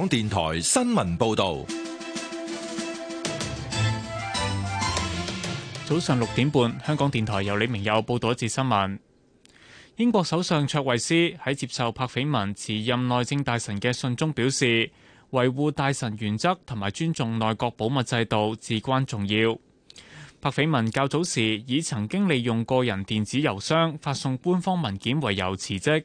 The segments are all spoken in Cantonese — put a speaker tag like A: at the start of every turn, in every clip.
A: 香港電台新聞報道：早
B: 上六點半，香港電台由李明佑報道一節新聞。英國首相卓慧斯喺接受柏斐文辭任內政大臣嘅信中表示，維護大臣原則同埋尊重內閣保密制度至關重要。柏斐文較早時以曾經利用個人電子郵箱發送官方文件為由辭職。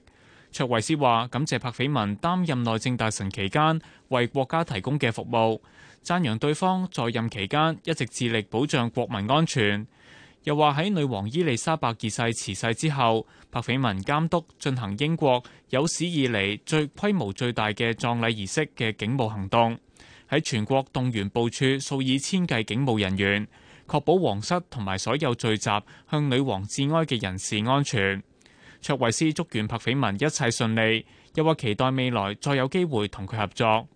B: 卓維斯話感謝柏斐文擔任內政大臣期間為國家提供嘅服務，讚揚對方在任期間一直致力保障國民安全。又話喺女王伊麗莎白二世辭世之後，柏斐文監督進行英國有史以嚟最規模最大嘅葬禮儀式嘅警務行動，喺全國動員部署數以千計警務人員，確保皇室同埋所有聚集向女王致哀嘅人士安全。卓慧斯祝願柏斐文一切順利，又話期待未來再有機會同佢合作。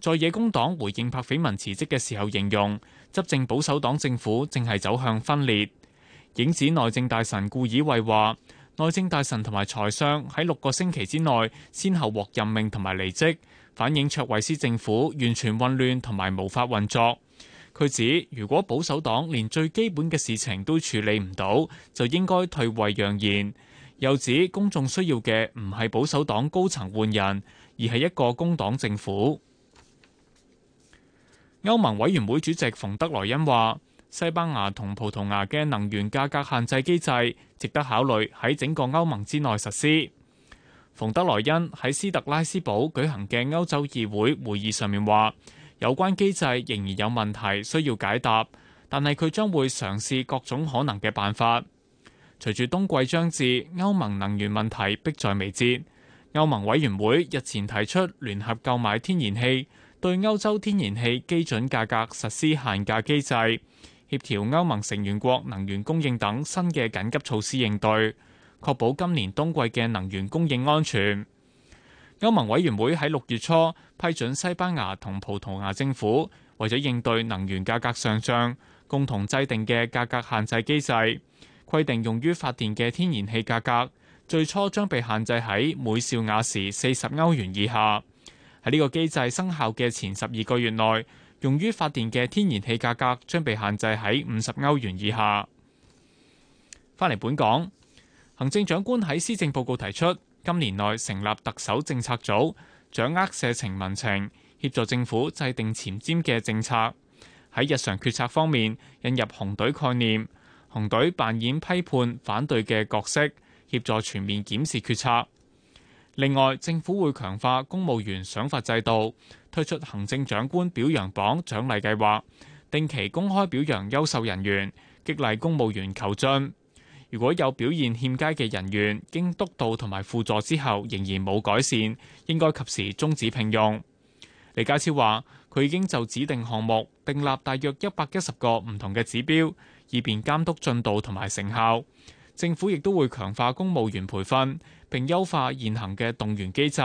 B: 在野工黨回應柏斐文辭職嘅時候，形容執政保守黨政府正係走向分裂。影子內政大臣顧以慧話，內政大臣同埋財相喺六個星期之內先後獲任命同埋離職，反映卓慧斯政府完全混亂同埋無法運作。佢指，如果保守黨連最基本嘅事情都處理唔到，就應該退位讓賢。又指公眾需要嘅唔係保守黨高層換人，而係一個工黨政府。歐盟委員會主席馮德萊恩話，西班牙同葡萄牙嘅能源價格限制機制值得考慮喺整個歐盟之內實施。馮德萊恩喺斯特拉斯堡舉行嘅歐洲議會會議上面話，有關機制仍然有問題需要解答，但係佢將會嘗試各種可能嘅辦法。隨住冬季將至，歐盟能源問題迫在眉睫。歐盟委員會日前提出聯合購買天然氣，對歐洲天然氣基準價格實施限價機制，協調歐盟成員國能源供應等新嘅緊急措施應對，確保今年冬季嘅能源供應安全。歐盟委員會喺六月初批准西班牙同葡萄牙政府為咗應對能源價格上漲，共同制定嘅價格限制機制。規定用於發電嘅天然氣價格，最初將被限制喺每兆瓦時四十歐元以下。喺呢個機制生效嘅前十二個月內，用於發電嘅天然氣價格將被限制喺五十歐元以下。返嚟本港，行政長官喺施政報告提出，今年內成立特首政策組，掌握社情民情，協助政府制定前瞻嘅政策。喺日常決策方面，引入紅隊概念。紅隊扮演批判、反對嘅角色，協助全面檢視決策。另外，政府會強化公務員賞罰制度，推出行政長官表揚榜獎勵計劃，定期公開表揚優秀人員，激勵公務員求進。如果有表現欠佳嘅人員，經督導同埋輔助之後仍然冇改善，應該及時終止聘用。李家超話：佢已經就指定項目訂立大約一百一十個唔同嘅指標。以便監督進度同埋成效，政府亦都會強化公務員培訓，並優化現行嘅動員機制，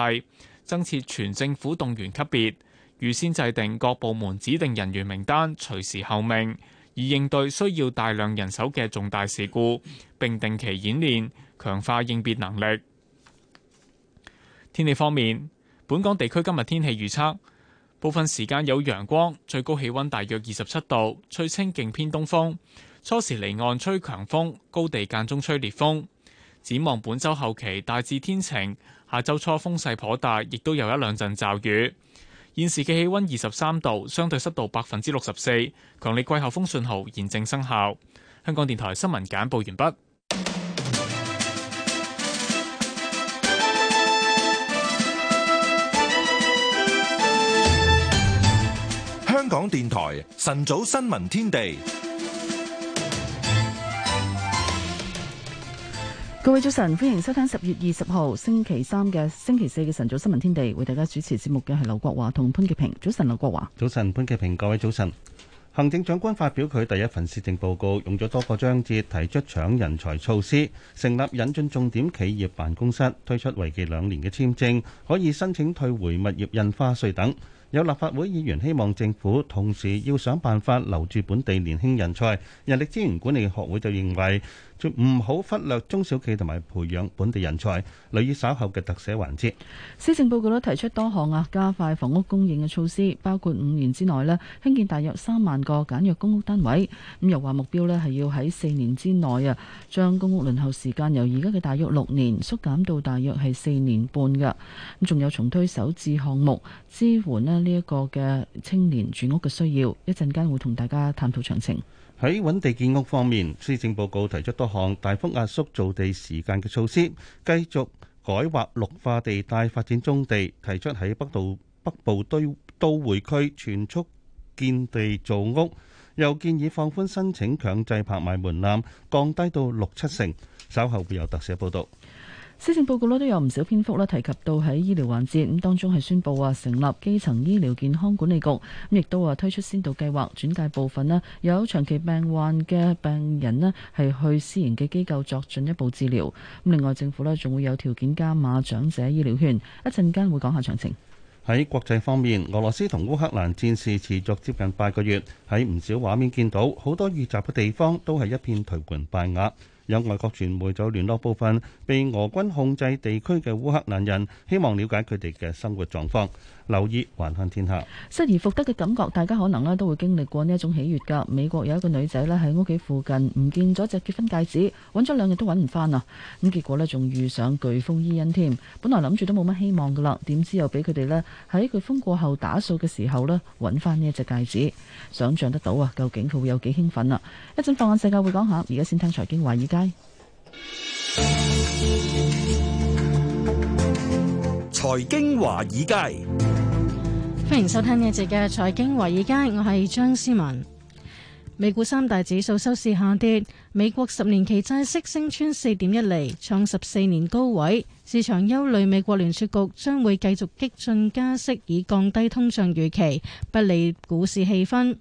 B: 增設全政府動員級別，預先制定各部門指定人員名單，隨時候命，以應對需要大量人手嘅重大事故，並定期演練，強化應變能力。天氣方面，本港地區今日天氣預測部分時間有陽光，最高氣溫大約二十七度，吹清勁偏東風。初時離岸吹強風，高地間中吹烈風。展望本周後期大致天晴，下周初風勢頗大，亦都有一兩陣驟雨。現時嘅氣溫二十三度，相對濕度百分之六十四，強烈季候風信號現正生效。香港電台新聞簡報完畢。
A: 香港電台晨早新聞天地。
C: 各位早晨，歡迎收聽十月二十號星期三嘅星期四嘅晨早新聞天地，為大家主持節目嘅係劉國華同潘潔平。早晨，劉國華。
D: 早晨，潘潔平。各位早晨。行政長官發表佢第一份施政報告，用咗多個章節提出搶人才措施，成立引進重點企業辦公室，推出為期兩年嘅簽證，可以申請退回物業印花稅等。有立法會議員希望政府同時要想辦法留住本地年輕人才。人力資源管理學會就認為。唔好忽略中小企同埋培養本地人才，留意稍後嘅特寫環節。
C: 施政報告咧提出多項啊，加快房屋供應嘅措施，包括五年之內咧興建大約三萬個簡約公屋單位。咁又話目標咧係要喺四年之內啊，將公屋輪候時間由而家嘅大約六年縮減到大約係四年半噶，咁仲有重推首置項目，支援，咧呢一個嘅青年住屋嘅需要。一陣間會同大家探討詳情。
D: 喺揾地建屋方面，施政報告提出多項大幅壓縮造地時間嘅措施，繼續改劃綠化地帶、發展棕地，提出喺北都北部都會區全速建地造屋，又建議放寬申請強制拍賣門檻，降低到六七成。稍後會有特寫報道。
C: 施政報告咧，都有唔少篇幅咧，提及到喺醫療環節，咁當中係宣布話成立基層醫療健康管理局，咁亦都話推出先導計劃，轉介部分咧，有長期病患嘅病人咧，係去私營嘅機構作進一步治療。咁另外政府咧，仲會有條件加碼長者醫療券。一陣間會講下詳情。
D: 喺國際方面，俄羅斯同烏克蘭戰事持續接近八個月，喺唔少畫面見到好多遇襲嘅地方都係一片頹垣敗瓦。有外國傳媒就聯絡部分被俄軍控制地區嘅烏克蘭人，希望了解佢哋嘅生活狀況。留意《還看天下》，
C: 失而復得嘅感覺，大家可能咧都會經歷過呢一種喜悅噶。美國有一個女仔咧喺屋企附近唔見咗隻結婚戒指，揾咗兩日都揾唔翻啊！咁結果呢，仲遇上颶風伊恩添，本來諗住都冇乜希望噶啦，點知又俾佢哋呢，喺颶風過後打掃嘅時候呢，揾翻呢一隻戒指。想像得到啊，究竟佢會有幾興奮啊。一陣放眼世界會講下，而家先聽財經華爾街。財經華爾街。
E: 歡迎收聽呢節嘅財經華爾街，我係張思文。美股三大指數收市下跌，美國十年期債息升穿四點一厘，創十四年高位。市場憂慮美國聯儲局將會繼續激進加息，以降低通脹預期，不利股市氣氛。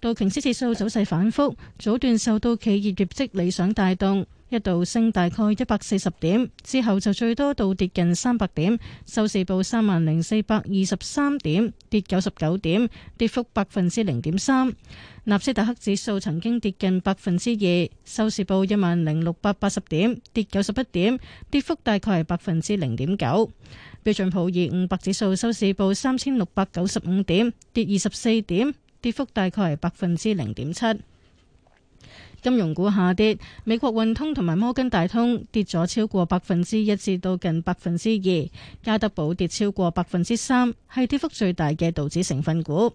E: 道瓊斯指數走勢反覆，早段受到企業業績理想帶動。一度升大概一百四十點，之後就最多到跌近三百點，收市報三萬零四百二十三點，跌九十九點，跌幅百分之零點三。納斯達克指數曾經跌近百分之二，收市報一萬零六百八十點，跌九十一點，跌幅大概係百分之零點九。標準普爾五百指數收市報三千六百九十五點，跌二十四點，跌幅大概係百分之零點七。金融股下跌，美國運通同埋摩根大通跌咗超過百分之一至到近百分之二，加德寶跌超過百分之三，係跌幅最大嘅道指成分股。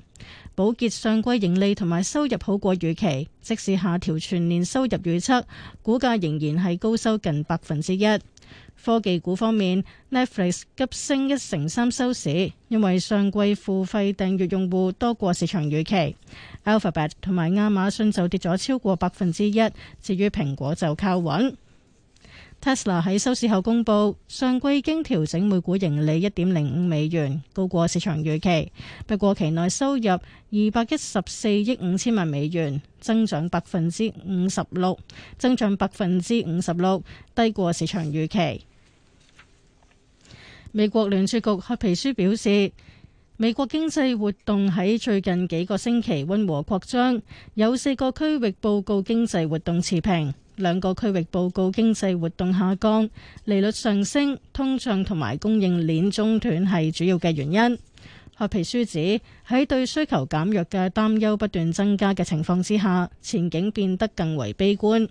E: 寶潔上季盈利同埋收入好過預期，即使下調全年收入預測，股價仍然係高收近百分之一。科技股方面，Netflix 急升一成三收市，因為上季付費訂閱用戶多過市場預期。Alphabet 同埋亞馬遜就跌咗超過百分之一，至於蘋果就靠穩。Tesla 喺收市後公布，上季經調整每股盈利一點零五美元，高過市場預期。不過期內收入二百一十四億五千萬美元，增長百分之五十六，增長百分之五十六，低過市場預期。美國聯儲局褐皮書表示，美國經濟活動喺最近幾個星期温和擴張，有四個區域報告經濟活動持平，兩個區域報告經濟活動下降。利率上升、通脹同埋供應鏈中斷係主要嘅原因。褐皮書指喺對需求減弱嘅擔憂不斷增加嘅情況之下，前景變得更為悲觀。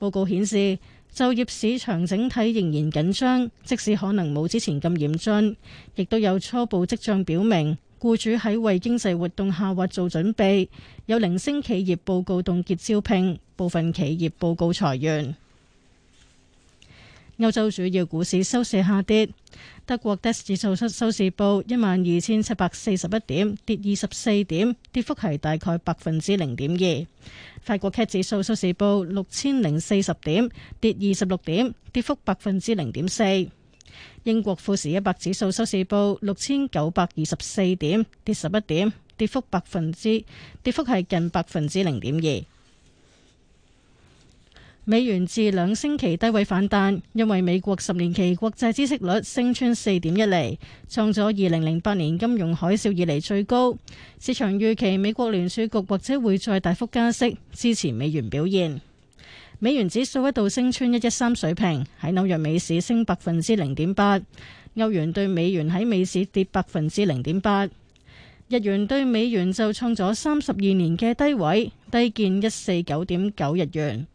E: 報告顯示。就業市場整體仍然緊張，即使可能冇之前咁嚴峻，亦都有初步跡象表明，僱主喺為經濟活動下滑做準備。有零星企業報告凍結招聘，部分企業報告裁員。歐洲主要股市收市下跌，德國 DAX 指數收市報一萬二千七百四十一點，跌二十四點，跌幅係大概百分之零點二。法國 CAC 指數收市報六千零四十點，跌二十六點，跌幅百分之零點四。英國富時一百指數收市報六千九百二十四點，跌十一點，跌幅百分之跌幅係近百分之零點二。美元自兩星期低位反彈，因為美國十年期國債孳息率升穿四點一厘，創咗二零零八年金融海嘯以嚟最高。市場預期美國聯儲局或者會再大幅加息，支持美元表現。美元指數一度升穿一一三水平，喺紐約美市升百分之零點八。歐元對美元喺美市跌百分之零點八，日元對美元就創咗三十二年嘅低位，低見一四九點九日元。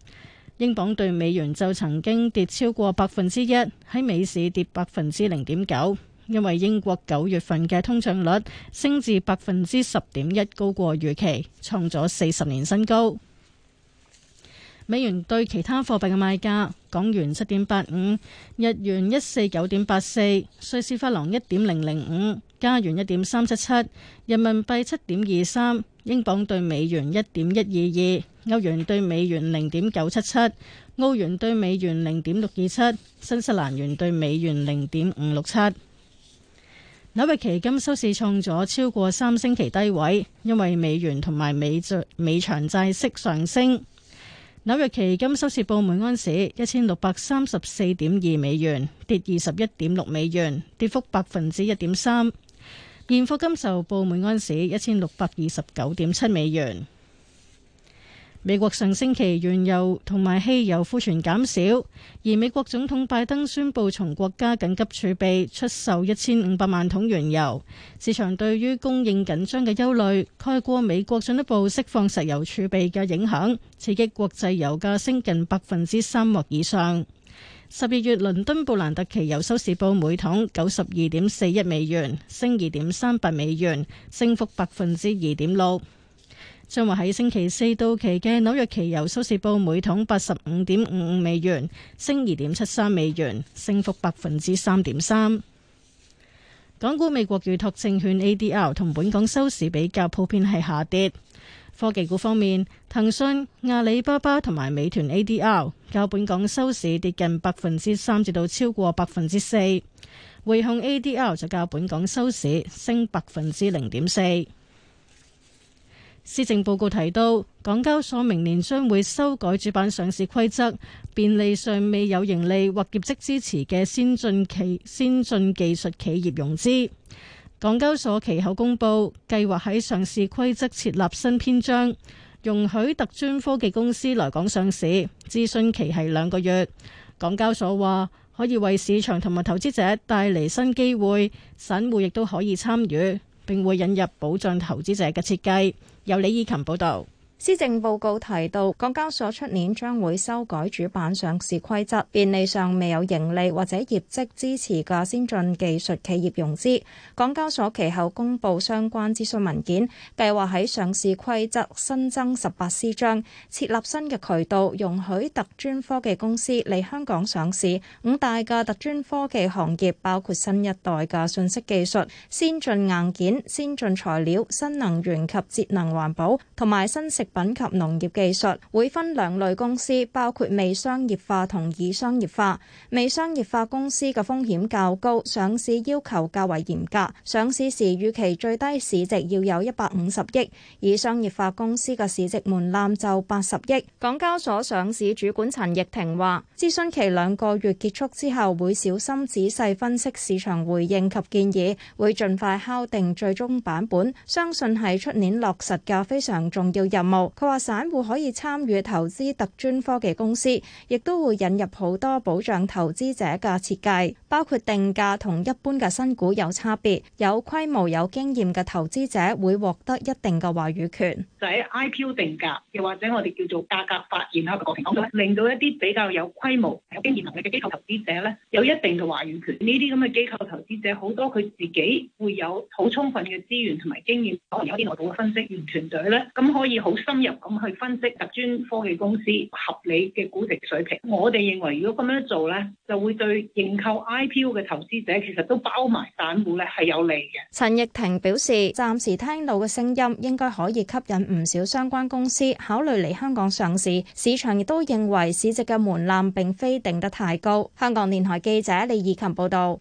E: 英鎊對美元就曾經跌超過百分之一，喺美市跌百分之零點九，因為英國九月份嘅通脹率升至百分之十點一，高過預期，創咗四十年新高。美元對其他貨幣嘅賣價：港元七點八五，日元一四九點八四，瑞士法郎一點零零五。加元一點三七七，人民幣七點二三，英鎊兌美元一點一二二，歐元兌美元零點九七七，澳元兌美元零點六二七，新西蘭元兌美元零點五六七。紐約期金收市創咗超過三星期低位，因為美元同埋美債美長債息上升。紐約期金收市報每安士一千六百三十四點二美元，跌二十一點六美元，跌幅百分之一點三。現貨金就報每安士一千六百二十九點七美元。美國上星期原油同埋汽油庫存減少，而美國總統拜登宣布從國家緊急儲備出售一千五百萬桶原油。市場對於供應緊張嘅憂慮，蓋過美國進一步釋放石油儲備嘅影響，刺激國際油價升近百分之三或以上。十二月倫敦布蘭特期油收市報每桶九十二點四一美元，升二點三八美元，升幅百分之二點六。將會喺星期四到期嘅紐約期油收市報每桶八十五點五五美元，升二點七三美元，升幅百分之三點三。港股美國預託證券 A D L 同本港收市比較，普遍係下跌。科技股方面，騰訊、阿里巴巴同埋美團 ADR 較本港收市跌近百分之三至到超過百分之四，匯控 ADR 就較本港收市升百分之零點四。施政報告提到，港交所明年將會修改主板上市規則，便利尚未有盈利或業績支持嘅先進企先進技術企業融資。港交所其後公布，計劃喺上市規則設立新篇章，容許特專科技公司來港上市。諮詢期係兩個月。港交所話可以為市場同埋投資者帶嚟新機會，散戶亦都可以參與，並會引入保障投資者嘅設計。由李以琴報道。施政報告提到，港交所出年將會
F: 修改主板上市規則，便利尚未有盈利或者業績支持嘅先進技術企業融資。港交所其後公布相關諮詢文件，計劃喺上市規則新增十八 C 章，設立新嘅渠道，容許特專科技公司嚟香港上市。五大嘅特專科技行業包括新一代嘅信息技術、先進硬件、先進材料、新能源及節能環保，同埋新食。品及農業技術會分兩類公司，包括未商業化同已商業化。未商業化公司嘅風險較高，上市要求較為嚴格。上市時預期最低市值要有一百五十億，已商業化公司嘅市值門檻就八十億。港交所上市主管陳奕婷話：諮詢期兩個月結束之後，會小心仔細分析市場回應及建議，會盡快敲定最終版本。相信係出年落實嘅非常重要任務。佢話散戶可以參與投資特專科技公司，亦都會引入好多保障投資者嘅設計，包括定價同一般嘅新股有差別。有規模、有經驗嘅投資者會獲得一定嘅話語權。
G: 就喺 IPO 定價，又或者我哋叫做價格發現嘅過程中，令到一啲比較有規模、有經驗能力嘅機構投資者呢，有一定嘅話語權。呢啲咁嘅機構投資者，好多佢自己會有好充分嘅資源同埋經驗，可能有啲內部嘅分析員團隊呢，咁可以好。深入咁去分析特專科技公司合理嘅估值水平。我哋認為，如果咁樣做咧，就會對認購 IPO 嘅投資者
H: 其實都包埋散戶咧，係有利嘅。
F: 陳奕霆表示，暫時聽到嘅聲音應該可以吸引唔少相關公司考慮嚟香港上市。市場亦都認為市值嘅門檻並非定得太高。香港電台記者李以琴報道，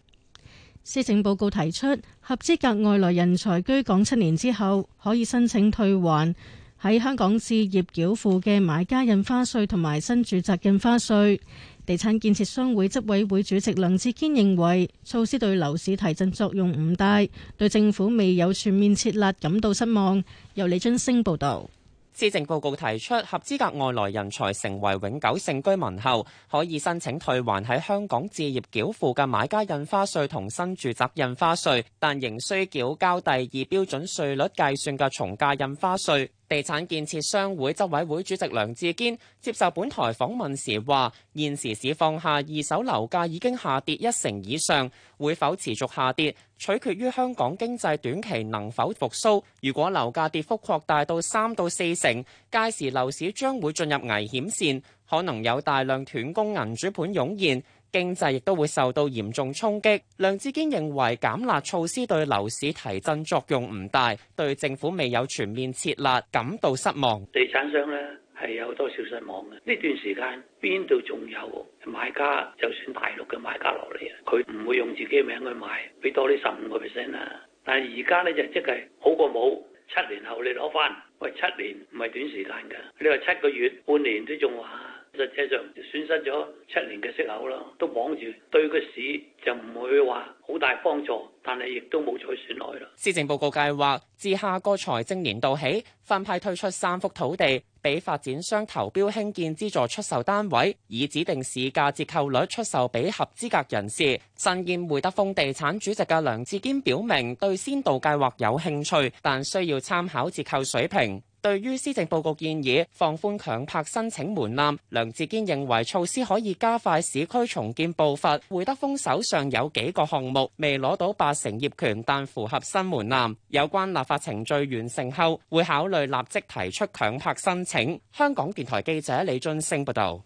E: 施政報告提出，合資格外來人才居港七年之後可以申請退還。喺香港置業繳付嘅買家印花稅同埋新住宅印花稅，地產建設商會執委會主席梁志堅認為措施對樓市提振作用唔大，對政府未有全面設立感到失望。由李津升報道。
H: 施政報告提出，合資格外來人才成為永久性居民後，可以申請退還喺香港置業繳付嘅買家印花稅同新住宅印花稅，但仍需繳交第二標準稅率計算嘅重價印花稅。地產建設商會執委會主席梁志堅接受本台訪問時話，現時市況下二手樓價已經下跌一成以上，會否持續下跌，取決於香港經濟短期能否復甦。如果樓價跌幅擴大到三到四成，屆時樓市將會進入危險線，可能有大量斷供銀主盤湧現。經濟亦都會受到嚴重衝擊。梁志堅認為減辣措施對樓市提振作用唔大，對政府未有全面撤辣感到失望。地產商咧係有多少失望嘅？呢段時間邊度仲有買家？就算大陸嘅買家落嚟啊，佢唔會用自己名去買，俾多啲十五個 percent 啊。但係而家咧就即係好過冇。七年後你攞翻喂，七年唔係短時間㗎。你話七個月、半年都仲話。實際上損失咗七年嘅息口啦，都綁住，對個市就唔會話好大幫助，但係亦都冇再損害啦。施政報告計劃自下個財政年度起，分派推出三幅土地，俾發展商投標興建，資助出售單位，以指定市價折扣率出售俾合資格人士。新燕匯德豐地產主席嘅梁志堅表明，對先導計劃有興趣，但需要參考折扣水平。對於施政報告建議放寬強拍申請門檻，梁志堅認為措施可以加快市區重建步伐。會德豐手上有幾個項目未攞到八成業權，但符合新門檻，有關立法程序完成後，會考慮立即提出強拍申請。香港電台記者李俊升報道。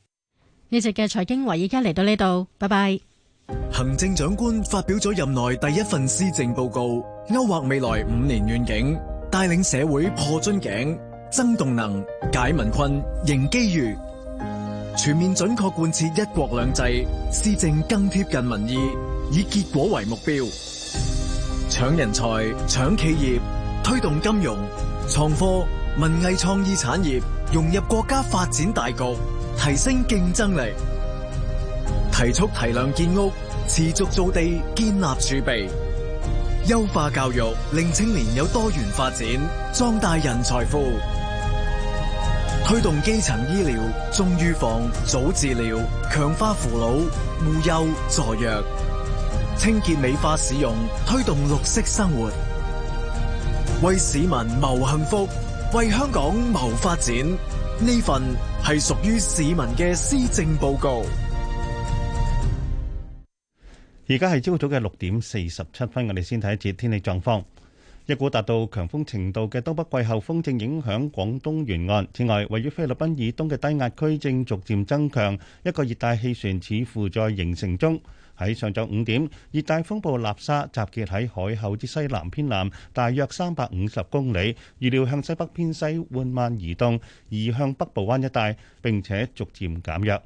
E: 呢集嘅財經話，而家嚟到呢度，拜拜。
I: 行政長官發表咗任內第一份施政報告，勾畫未來五年願景。帶領社會破樽頸、增動能、解民困、迎機遇，全面準確貫徹一國兩制，施政更貼近民意，以結果為目標，搶人才、搶企業，推動金融、創科、文藝創意產業融入國家發展大局，提升競爭力，提速提量建屋，持續造地，建立儲備。優化教育，令青年有多元發展，壯大人才庫；推動基層醫療，重預防、早治療，強化扶老、護幼助弱；清潔美化市容，推動綠色生活，為市民謀幸福，為香港謀發展。呢份係屬於市民嘅施政報告。
D: 而家係朝早嘅六點四十七分，我哋先睇一節天氣狀況。一股達到強風程度嘅東北季候風正影響廣東沿岸。此外，位於菲律賓以東嘅低壓區正逐漸增強，一個熱帶氣旋似乎在形成中。喺上晝五點，熱帶風暴納沙集結喺海口至西南偏南，大約三百五十公里，預料向西北偏西緩慢移動，移向北部灣一帶，並且逐漸減弱。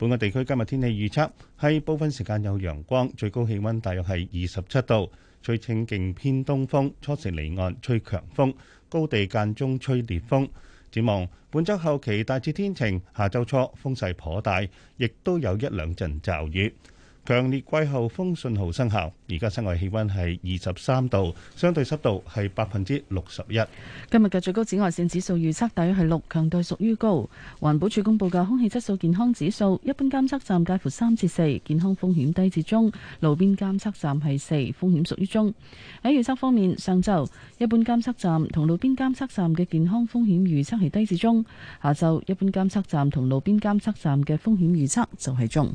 D: 本港地區今日天氣預測係部分時間有陽光，最高氣温大約係二十七度，吹清勁偏東風，初時離岸吹強風，高地間中吹烈風。展望本週後期大致天晴，下周初風勢頗大，亦都有一兩陣驟雨。強烈季候風信號生效，而家室外氣溫係二十三度，相對濕度係百分之六十一。
C: 今日嘅最高紫外線指數預測大約係六，強度屬於高。環保署公佈嘅空氣質素健康指數，一般監測站介乎三至四，健康風險低至中；路邊監測站係四，風險屬於中。喺預測方面，上晝一般監測站同路邊監測站嘅健康風險預測係低至中；下晝一般監測站同路邊監測站嘅風險預測就係中。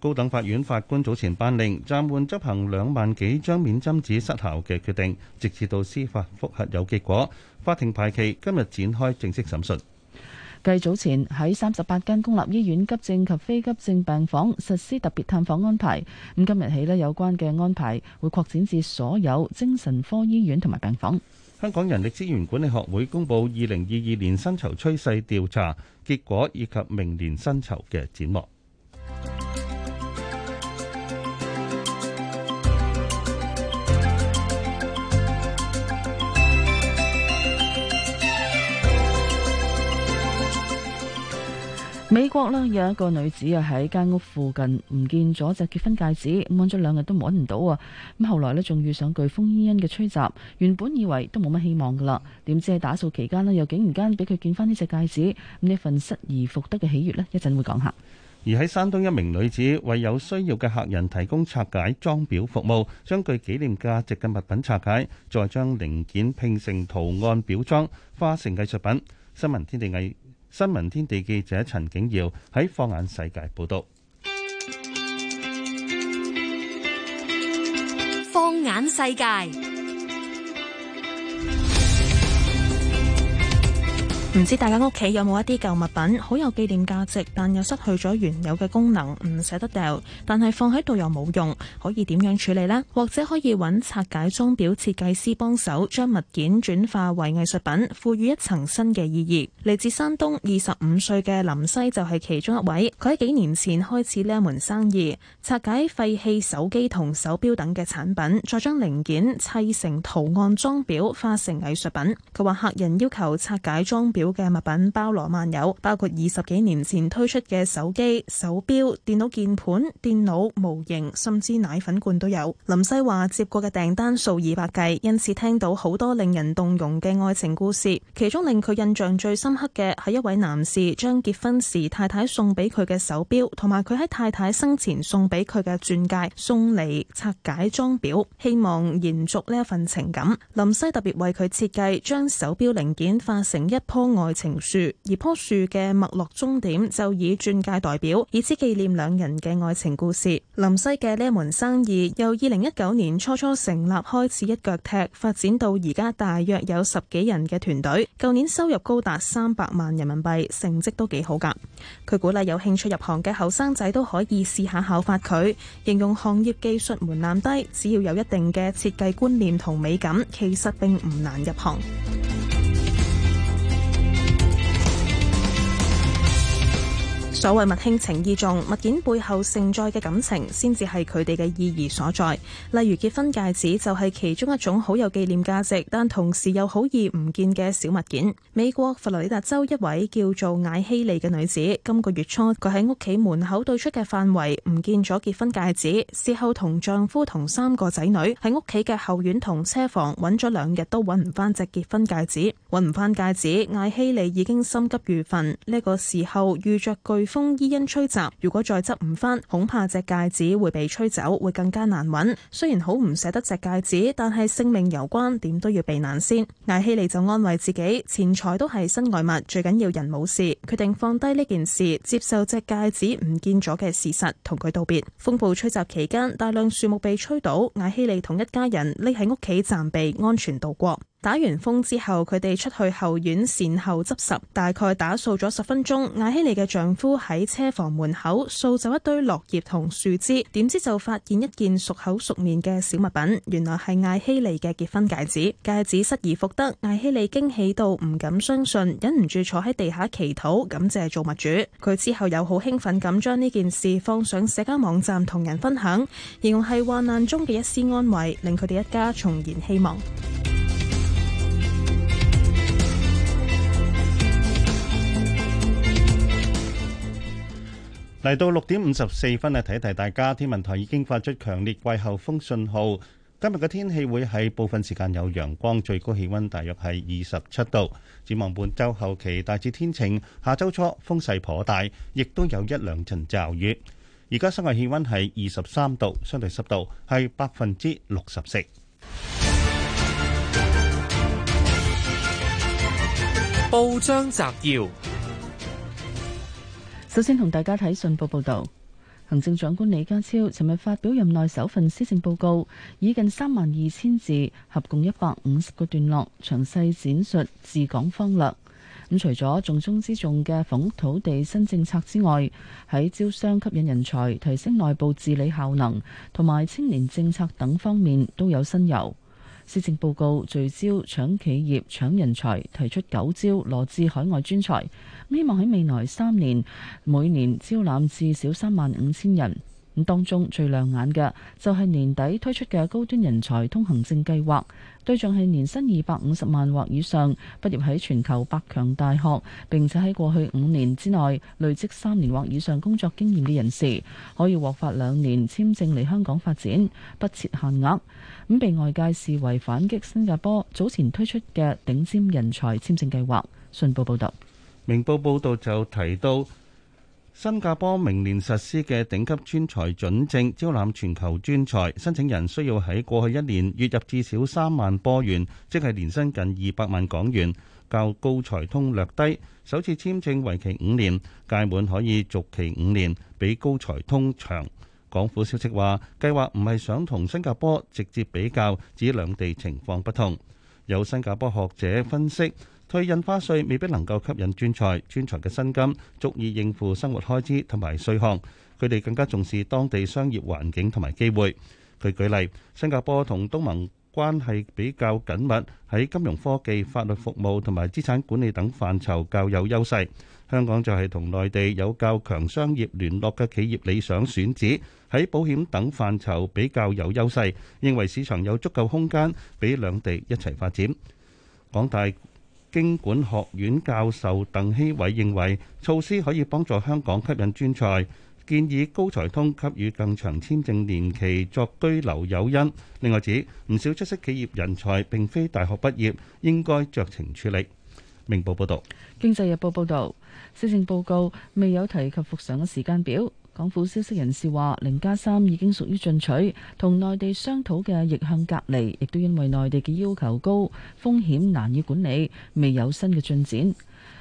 D: 高等法院法官早前頒令暫緩執行兩萬幾張免針紙失效嘅決定，直至到司法複核有結果。法庭排期今日展開正式審訊。
C: 繼早前喺三十八間公立醫院急症及非急症病房實施特別探訪安排，咁今日起咧有關嘅安排會擴展至所有精神科醫院同埋病房。
D: 香港人力資源管理學會公布二零二二年薪酬趨勢調查結果以及明年薪酬嘅展望。
C: 美國啦，有一個女子啊喺間屋附近唔見咗隻結婚戒指，咁揾咗兩日都揾唔到啊！咁後來咧仲遇上颶風伊恩嘅吹襲，原本以為都冇乜希望噶啦，點知喺打掃期間咧又竟然間俾佢見翻呢隻戒指，咁呢份失而復得嘅喜悅咧，講一陣會講下。
D: 而喺山東，一名女子為有需要嘅客人提供拆解裝裱服務，將具紀念價值嘅物品拆解，再將零件拼成圖案表裝，化成藝術品。新聞天地藝。新聞天地記者陳景耀喺放眼世界報道。
J: 放眼世界。唔知大家屋企有冇一啲舊物品，好有紀念價值，但又失去咗原有嘅功能，唔捨得掉，但係放喺度又冇用，可以點樣處理呢？或者可以揾拆解裝裱設計師幫手，將物件轉化為藝術品，賦予一層新嘅意義。嚟自山東，二十五歲嘅林西就係其中一位。佢喺幾年前開始呢一門生意，拆解廢棄手機同手錶等嘅產品，再將零件砌成圖案裝裱，化成藝術品。佢話客人要求拆解裝裱表嘅物品包羅萬有，包括二十幾年前推出嘅手機、手錶、電腦鍵盤、電腦模型，甚至奶粉罐都有。林西話接過嘅訂單數以百計，因此聽到好多令人動容嘅愛情故事。其中令佢印象最深刻嘅係一位男士將結婚時太太送俾佢嘅手錶同埋佢喺太太生前送俾佢嘅鑽戒送嚟拆解裝裱，希望延續呢一份情感。林西特別為佢設計，將手錶零件化成一棵。愛情樹，而樖樹嘅脈絡終點就以鑽戒代表，以此紀念兩人嘅愛情故事。林西嘅呢門生意，由二零一九年初初成立開始一腳踢，發展到而家大約有十幾人嘅團隊。舊年收入高達三百萬人民幣，成績都幾好㗎。佢鼓勵有興趣入行嘅後生仔都可以試下考發佢，形容行業技術門檻低，只要有一定嘅設計觀念同美感，其實並唔難入行。所謂物輕情意重，物件背後盛載嘅感情先至係佢哋嘅意義所在。例如結婚戒指就係其中一種好有紀念價值，但同時又好易唔見嘅小物件。美國佛羅里達州一位叫做艾希利嘅女子，今個月初佢喺屋企門口對出嘅範圍唔見咗結婚戒指。事後同丈夫同三個仔女喺屋企嘅後院同車房揾咗兩日都揾唔翻隻結婚戒指。揾唔翻戒指，艾希利已經心急如焚。呢、這個時候，遇着。居。風衣因吹襲，如果再執唔返，恐怕隻戒指會被吹走，會更加難揾。雖然好唔捨得隻戒指，但係性命攸關，點都要避難先。艾希利就安慰自己，錢財都係身外物，最緊要人冇事。決定放低呢件事，接受隻戒指唔見咗嘅事實，同佢道別。風暴吹襲期間，大量樹木被吹倒，艾希利同一家人匿喺屋企暫避，安全度過。打完風之後，佢哋出去後院善後執拾，大概打掃咗十分鐘。艾希利嘅丈夫喺車房門口掃走一堆落葉同樹枝，點知就發現一件熟口熟面嘅小物品，原來係艾希利嘅結婚戒指。戒指失而復得，艾希利驚喜到唔敢相信，忍唔住坐喺地下祈禱，感謝造物主。佢之後又好興奮，咁將呢件事放上社交網站同人分享，形容係患難中嘅一絲安慰，令佢哋一家重燃希望。
D: 嚟到六點五十四分，嚟提一提大家，天文台已經發出強烈季候風信號。今日嘅天氣會喺部分時間有陽光，最高氣溫大約係二十七度。展望半周後期大致天晴，下周初風勢頗大，亦都有一兩陣驟雨。而家室外氣溫係二十三度，相對濕度係百分之六十四。報
B: 章摘要。
C: 首先同大家睇信報報道，行政長官李家超尋日發表任內首份施政報告，以近三萬二千字合共一百五十個段落，詳細展述治港方略。咁除咗重中之重嘅房屋土地新政策之外，喺招商、吸引人才、提升內部治理效能同埋青年政策等方面都有新猷。施政報告聚焦搶企業、搶人才，提出九招羅致海外專才，希望喺未來三年每年招攬至少三萬五千人。當中最亮眼嘅就係年底推出嘅高端人才通行證計劃，對象係年薪二百五十萬或以上，畢業喺全球百強大學，並且喺過去五年之內累積三年或以上工作經驗嘅人士，可以獲發兩年簽證嚟香港發展，不設限額。咁被外界視為反擊新加坡早前推出嘅頂尖人才簽證計劃。《信報》報道，
D: 《明報》報道就提到。新加坡明年實施嘅頂級專才準證，招攬全球專才。申請人需要喺過去一年月入至少三萬波元，即係年薪近二百萬港元，較高才通略低。首次簽證為期五年，屆滿可以續期五年，比高才通長。港府消息話，計劃唔係想同新加坡直接比較，指兩地情況不同。有新加坡學者分析。退印花稅未必能夠吸引專才，專才嘅薪金足以應付生活開支同埋稅項。佢哋更加重視當地商業環境同埋機會。佢舉例，新加坡同東盟關係比較緊密，喺金融科技、法律服務同埋資產管理等範疇較有優勢。香港就係同內地有較強商業聯絡嘅企業理想選址，喺保險等範疇比較有優勢。認為市場有足夠空間俾兩地一齊發展。港大。經管學院教授鄧希偉認為，措施可以幫助香港吸引專才，建議高才通給予更長簽證年期作居留誘因。另外指，唔少出色企業人才並非大學畢業，應該酌情處理。明報報道，
C: 《經濟日報》報道，施政報告未有提及復常嘅時間表。港府消息人士話，零加三已經屬於進取，同內地商討嘅逆向隔離，亦都因為內地嘅要求高，風險難以管理，未有新嘅進展。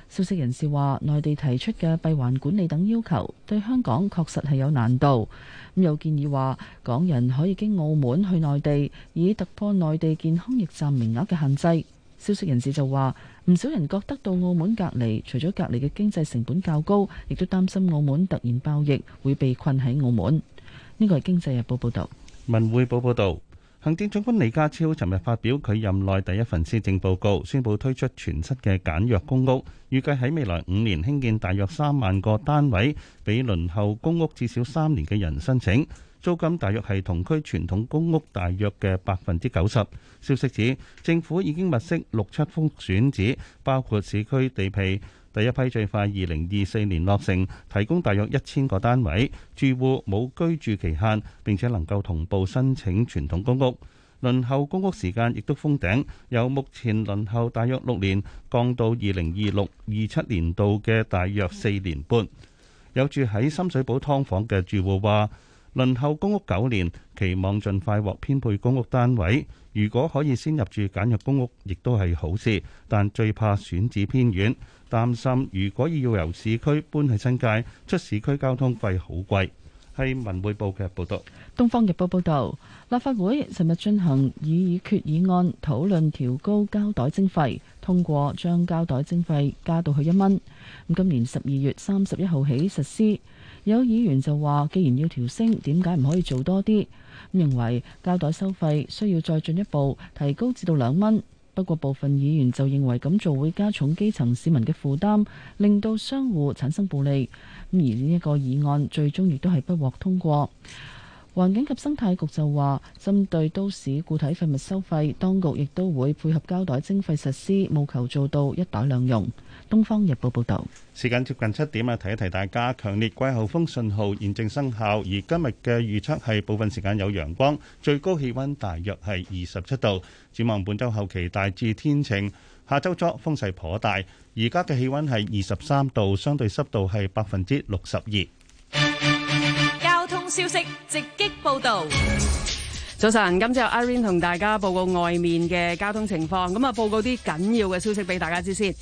C: 消息人士話，內地提出嘅閉環管理等要求，對香港確實係有難度。咁又建議話，港人可以經澳門去內地，以突破內地健康驛站名額嘅限制。消息人士就話。唔少人覺得到澳門隔離，除咗隔離嘅經濟成本較高，亦都擔心澳門突然爆疫會被困喺澳門。呢個係《經濟日報》報導，
D: 《文匯報》報導，行政長官李家超尋日發表佢任內第一份施政報告，宣布推出全新嘅簡約公屋，預計喺未來五年興建大約三萬個單位，俾輪候公屋至少三年嘅人申請。租金大約係同區傳統公屋大約嘅百分之九十。消息指政府已經物色六七封選址，包括市區地皮，第一批最快二零二四年落成，提供大約一千個單位，住戶冇居住期限，並且能夠同步申請傳統公屋。輪候公屋時間亦都封頂，由目前輪候大約六年，降到二零二六二七年度嘅大約四年半。有住喺深水埗劏房嘅住戶話。輪候公屋九年，期望盡快獲編配公屋單位。如果可以先入住簡約公屋，亦都係好事。但最怕選址偏遠，擔心如果要由市區搬去新界，出市區交通費好貴。係文匯報嘅報道。
C: 東方日報報道，立法會尋日進行已議議決議案，討論調高膠袋徵費，通過將膠袋徵費加到去一蚊。咁今年十二月三十一號起實施。有議員就話：既然要調升，點解唔可以做多啲？咁認為膠袋收費需要再進一步提高至到兩蚊。不過部分議員就認為咁做會加重基層市民嘅負擔，令到商戶產生暴利。而呢一個議案最終亦都係不獲通過。環境及生態局就話：針對都市固體廢物收費，當局亦都會配合膠袋徵費實施，務求做到一袋兩用。《東方日報》報道，
D: 時間接近七點啊，提一提大家，強烈季候風信號現正生效。而今日嘅預測係部分時間有陽光，最高氣溫大約係二十七度。展望本週後期大致天晴，下週初風勢頗大。而家嘅氣溫係二十三度，相對濕度係百分之六十二。
K: 交通消息直擊報道，早晨，今朝阿 Rain 同大家報告外面嘅交通情況。咁啊，報告啲緊要嘅消息俾大家知先。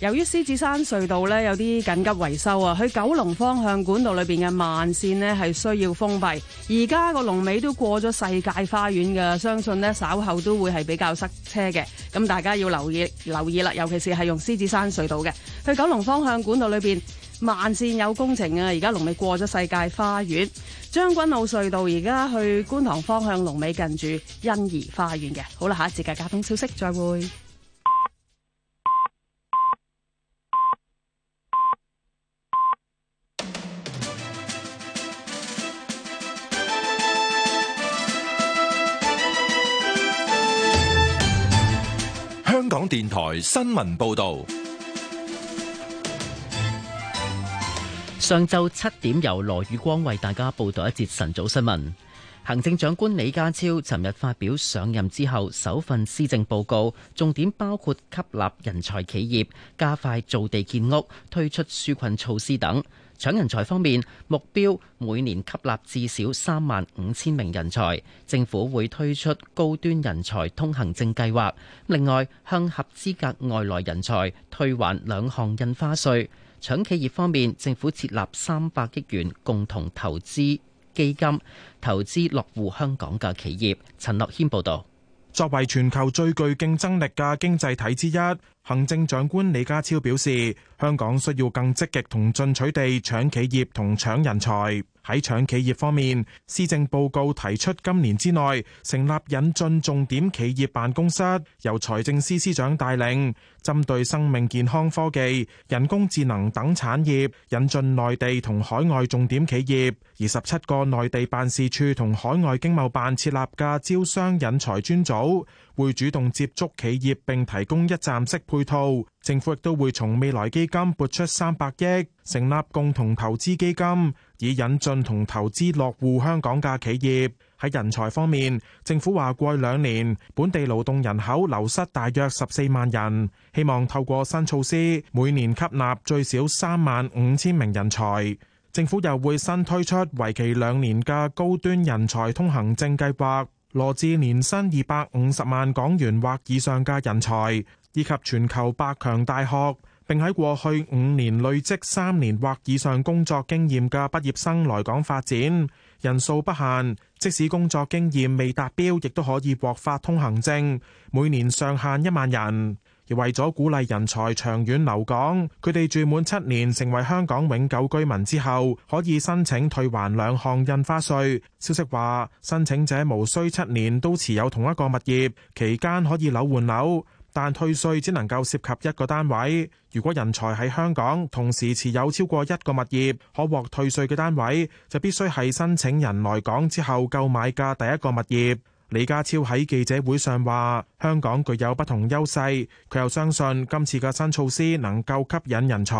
K: 由於獅子山隧道咧有啲緊急維修啊，去九龍方向管道裏邊嘅慢綫咧係需要封閉。而家個龍尾都過咗世界花園噶，相信呢，稍後都會係比較塞車嘅。咁大家要留意留意啦，尤其是係用獅子山隧道嘅去九龍方向管道裏邊慢綫有工程啊。而家龍尾過咗世界花園，將軍澳隧道而家去觀塘方向龍尾近住欣怡花園嘅。好啦，下一節嘅交通消息，再會。
A: 香港電台新聞報道，
L: 上晝七點由羅宇光為大家報道一節晨早新聞。行政長官李家超尋日發表上任之後首份施政報告，重點包括吸納人才企業、加快造地建屋、推出紓困措施等。搶人才方面，目標每年吸納至少三萬五千名人才。政府會推出高端人才通行證計劃。另外，向合資格外來人才退還兩項印花稅。搶企業方面，政府設立三百億元共同投資基金，投資落戶香港嘅企業。陳樂謙報道。
M: 作為全球最具競爭力嘅經濟體之一。行政長官李家超表示，香港需要更積極同進取地搶企業同搶人才。喺搶企業方面，施政報告提出今年之內成立引進重點企業辦公室，由財政司司長帶領，針對生命健康科技、人工智能等產業，引進內地同海外重點企業。二十七個內地辦事處同海外經貿辦設立嘅招商引才專組，會主動接觸企業並提供一站式配套，政府亦都會從未來基金撥出三百億，成立共同投資基金，以引進同投資落戶香港嘅企業。喺人才方面，政府話過兩年本地勞動人口流失大約十四萬人，希望透過新措施每年吸納最少三萬五千名人才。政府又會新推出為期兩年嘅高端人才通行證計劃。羅致年薪二百五十萬港元或以上嘅人才，以及全球百強大學，並喺過去五年累積三年或以上工作經驗嘅畢業生來港發展，人數不限。即使工作經驗未達標，亦都可以獲發通行證。每年上限一萬人。而為咗鼓勵人才長遠留港，佢哋住滿七年成為香港永久居民之後，可以申請退還兩項印花稅。消息話，申請者無需七年都持有同一個物業，期間可以樓換樓，但退稅只能夠涉及一個單位。如果人才喺香港同時持有超過一個物業，可獲退稅嘅單位，就必須係申請人來港之後購買嘅第一個物業。李家超喺記者會上話：香港具有不同優勢，佢又相信今次嘅新措施能夠吸引人才。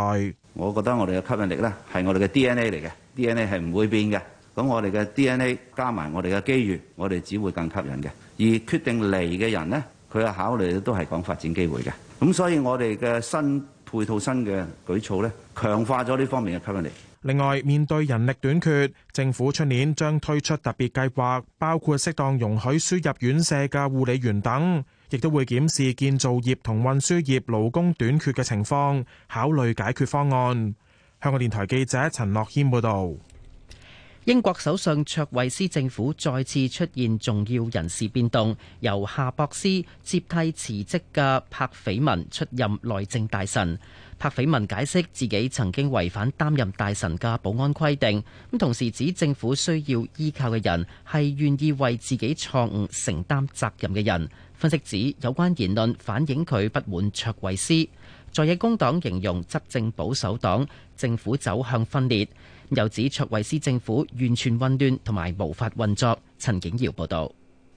N: 我覺得我哋嘅吸引力咧係我哋嘅 DNA 嚟嘅，DNA 係唔會變嘅。咁我哋嘅 DNA 加埋我哋嘅機遇，我哋只會更吸引嘅。而決定嚟嘅人咧，佢嘅考慮都係講發展機會嘅。咁所以我哋嘅新配套新嘅舉措咧，強化咗呢方面嘅吸引力。
M: 另外，面對人力短缺，政府出年將推出特別計劃，包括適當容許輸入院舍嘅護理員等，亦都會檢視建造業同運輸業勞工短缺嘅情況，考慮解決方案。香港電台記者陳樂軒報導。
L: 英國首相卓慧思政府再次出現重要人事變動，由夏博斯接替辭職嘅柏斐文出任內政大臣。柏斐文解釋自己曾經違反擔任大臣嘅保安規定，咁同時指政府需要依靠嘅人係願意為自己錯誤承擔責任嘅人。分析指有關言論反映佢不滿卓慧思，在野工黨形容執政保守黨政府走向分裂，又指卓慧思政府完全混亂同埋無法運作。陳景耀報道。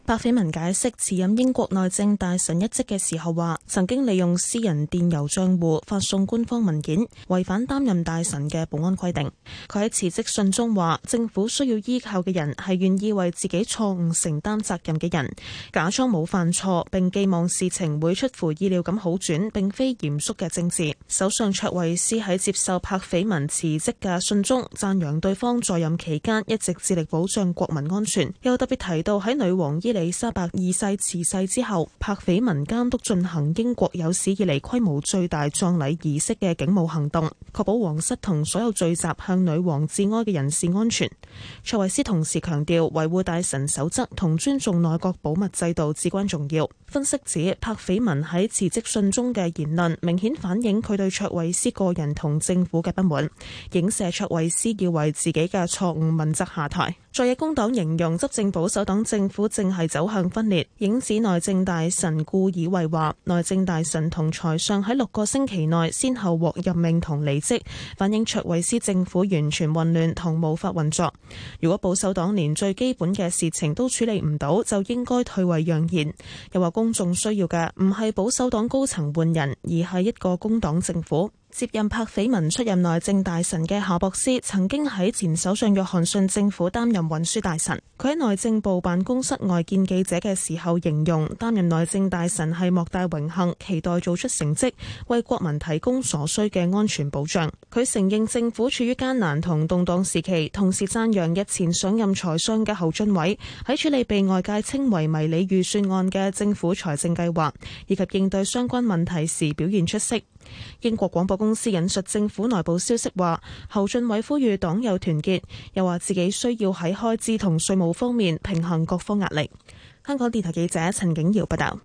J: 柏斐文解釋辭任英國內政大臣一職嘅時候話，曾經利用私人電郵帳戶發送官方文件，違反擔任大臣嘅保安規定。佢喺辭職信中話，政府需要依靠嘅人係願意為自己錯誤承擔責任嘅人。假裝冇犯錯，並寄望事情會出乎意料咁好轉，並非嚴肅嘅政治。首相卓慧思喺接受柏斐文辭職嘅信中讚揚對方在任期間一直致力保障國民安全，又特別提到喺女王伊李莎白二世辭世之後，柏斐文監督進行英國有史以嚟規模最大葬禮儀式嘅警務行動，確保皇室同所有聚集向女王致哀嘅人士安全。卓慧思同時強調，維護大臣守則同尊重內閣保密制度至關重要。分析指，柏斐文喺辭職信中嘅言論，明顯反映佢對卓慧思個人同政府嘅不滿，影射卓慧思要為自己嘅錯誤問責下台。在野工黨形容執政保守黨政府正係走向分裂，影子內政大臣故以為話，內政大臣同財相喺六個星期內先後獲任命同離職，反映卓慧思政府完全混亂同無法運作。如果保守黨連最基本嘅事情都處理唔到，就應該退位讓賢。又話公眾需要嘅唔係保守黨高層換人，而係一個工黨政府。接任柏斐文出任內政大臣嘅夏博斯曾經喺前首相約翰遜政府擔任運輸大臣。佢喺內政部辦公室外見記者嘅時候，形容擔任內政大臣係莫大榮幸，期待做出成績，為國民提供所需嘅安全保障。佢承認政府處於艱難同動蕩時期，同時讚揚日前上任財相嘅侯俊偉喺處理被外界稱為迷你預算案嘅政府財政計劃以及應對相關問題時表現出色。英國廣播公司引述政府內部消息話，侯俊偉呼籲黨友團結，又話自己需要喺開支同稅務方面平衡各方壓力。香港電台記者陳景瑤報道。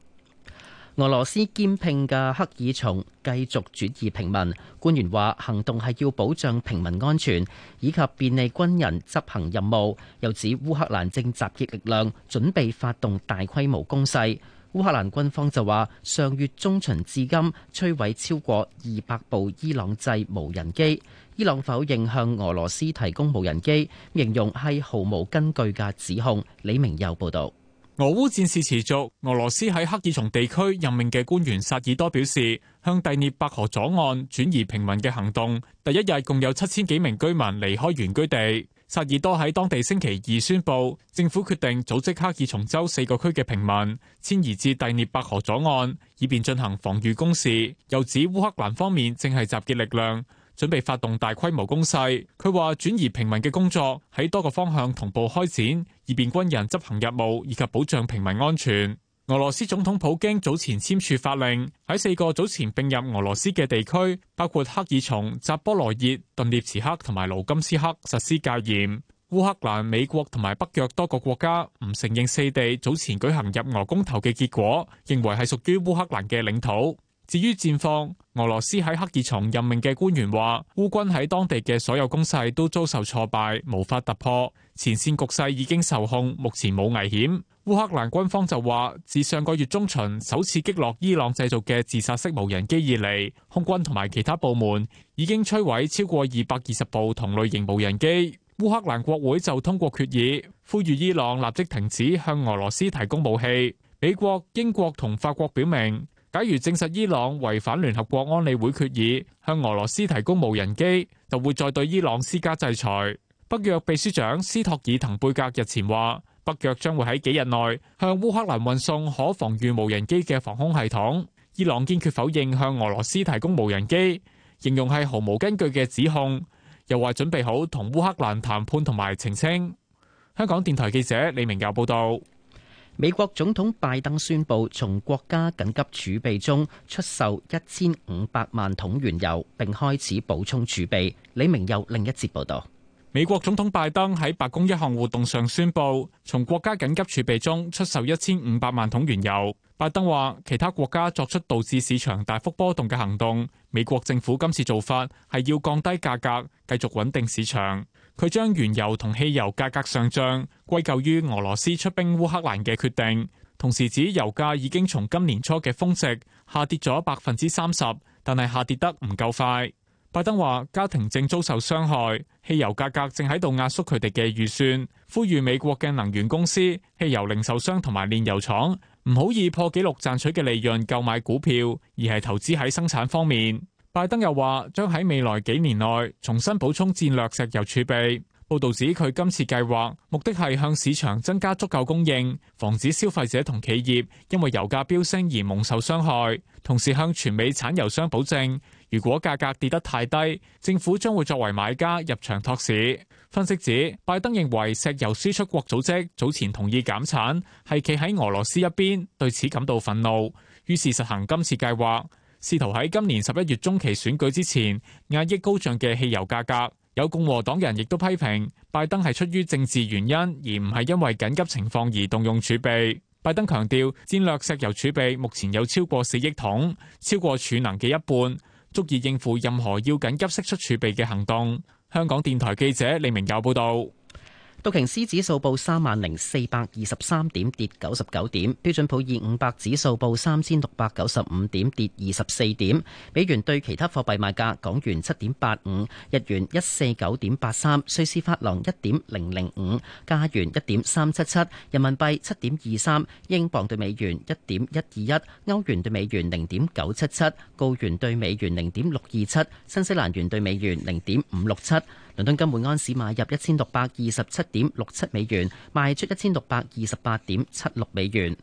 L: 俄羅斯兼併嘅赫爾松繼續轉移平民，官員話行動係要保障平民安全以及便利軍人執行任務，又指烏克蘭正集結力量準備發動大規模攻勢。烏克蘭軍方就話，上月中旬至今摧毀超過二百部伊朗製無人機。伊朗否認向俄羅斯提供無人機，形容係毫無根據嘅指控。李明佑報道。俄烏戰事持
B: 續，俄羅斯喺克爾松地區任命嘅官員薩爾多表示，向第聶伯河左岸轉移平民嘅行動，第一日共有七千幾名居民離開原居地。薩爾多喺當地星期二宣布，政府決定組織克爾松州四個區嘅平民遷移至第涅伯河左岸，以便進行防禦工事。又指烏克蘭方面正係集結力量，準備發動大規模攻勢。佢話轉移平民嘅工作喺多個方向同步開展，以便軍人執行任務以及保障平民安全。俄羅斯總統普京早前簽署法令，喺四個早前併入俄羅斯嘅地區，包括克爾松、扎波羅熱、頓涅茨克同埋盧甘斯克實施戒嚴。烏克蘭、美國同埋北約多個國家唔承認四地早前舉行入俄公投嘅結果，認為係屬於烏克蘭嘅領土。至於戰況，俄羅斯喺克爾松任命嘅官員話，烏軍喺當地嘅所有攻勢都遭受挫敗，無法突破前線，局勢已經受控，目前冇危險。烏克蘭軍方就話，自上個月中旬首次擊落伊朗製造嘅自殺式無人機以嚟，空軍同埋其他部門已經摧毀超過二百二十部同類型無人機。烏克蘭國會就通過決議，呼籲伊朗立即停止向俄羅斯提供武器。美國、英國同法國表明，假如證實伊朗違反聯合國安理會決議，向俄羅斯提供無人機，就會再對伊朗施加制裁。北約秘書長斯托爾滕貝格日前話：北約將會喺幾日內向烏克蘭運送可防禦無人機嘅防空系統。伊朗堅決否認向俄羅斯提供無人機，形容係毫無根據嘅指控，又話準備好同烏克蘭談判
L: 同埋澄清。香港電台記者李明佑報道，美國總統拜登宣布從國家緊急儲備中出售一千五百萬桶原油，並開始補充儲備。李明佑另一節報道。美國總統
B: 拜登喺白宮一項活動上宣布，從國家緊急儲備中出售一千五百萬桶原油。拜登話，其他國家作出導致市場大幅波動嘅行動，美國政府今次做法係要降低價格，繼續穩定市場。佢將原油同汽油價格上漲歸咎於俄羅斯出兵烏克蘭嘅決定，同時指油價已經從今年初嘅峰值下跌咗百分之三十，但係下跌得唔夠快。拜登話家庭正遭受傷害，汽油價格正喺度壓縮佢哋嘅預算，呼籲美國嘅能源公司、汽油零售商同埋煉油廠唔好以破紀錄賺取嘅利潤購買股票，而係投資喺生產方面。拜登又話將喺未來幾年內重新補充戰略石油儲備。報道指佢今次計劃目的係向市場增加足夠供應，防止消費者同企業因為油價飆升而蒙受傷害，同時向全美產油商保證。如果價格跌得太低，政府將會作為買家入場托市。分析指，拜登認為石油輸出國組織早前同意減產，係企喺俄羅斯一邊，對此感到憤怒，於是實行今次計劃，試圖喺今年十一月中期選舉之前壓抑高漲嘅汽油價格。有共和黨人亦都批評拜登係出於政治原因，而唔係因為緊急情況而動用儲備。拜登強調，戰略石油儲備目前有超過四億桶，超過儲能嘅一半。足以應付任何要緊急釋出儲備嘅行動。香港電台記者李明教報導。
L: 道瓊斯指數報三萬零四百二十三點，跌九十九點。標準普爾五百指數報三千六百九十五點，跌二十四點。美元對其他貨幣賣價：港元七點八五，日元一四九點八三，瑞士法郎一點零零五，加元一點三七七，人民幣七點二三，英鎊對美元一點一二一，歐元對美元零點九七七，澳元對美元零點六二七，新西蘭元對美元零點五六七。倫敦金每安士買入一千六百二十七點六七美元，賣出一千六百二十八點七六美元。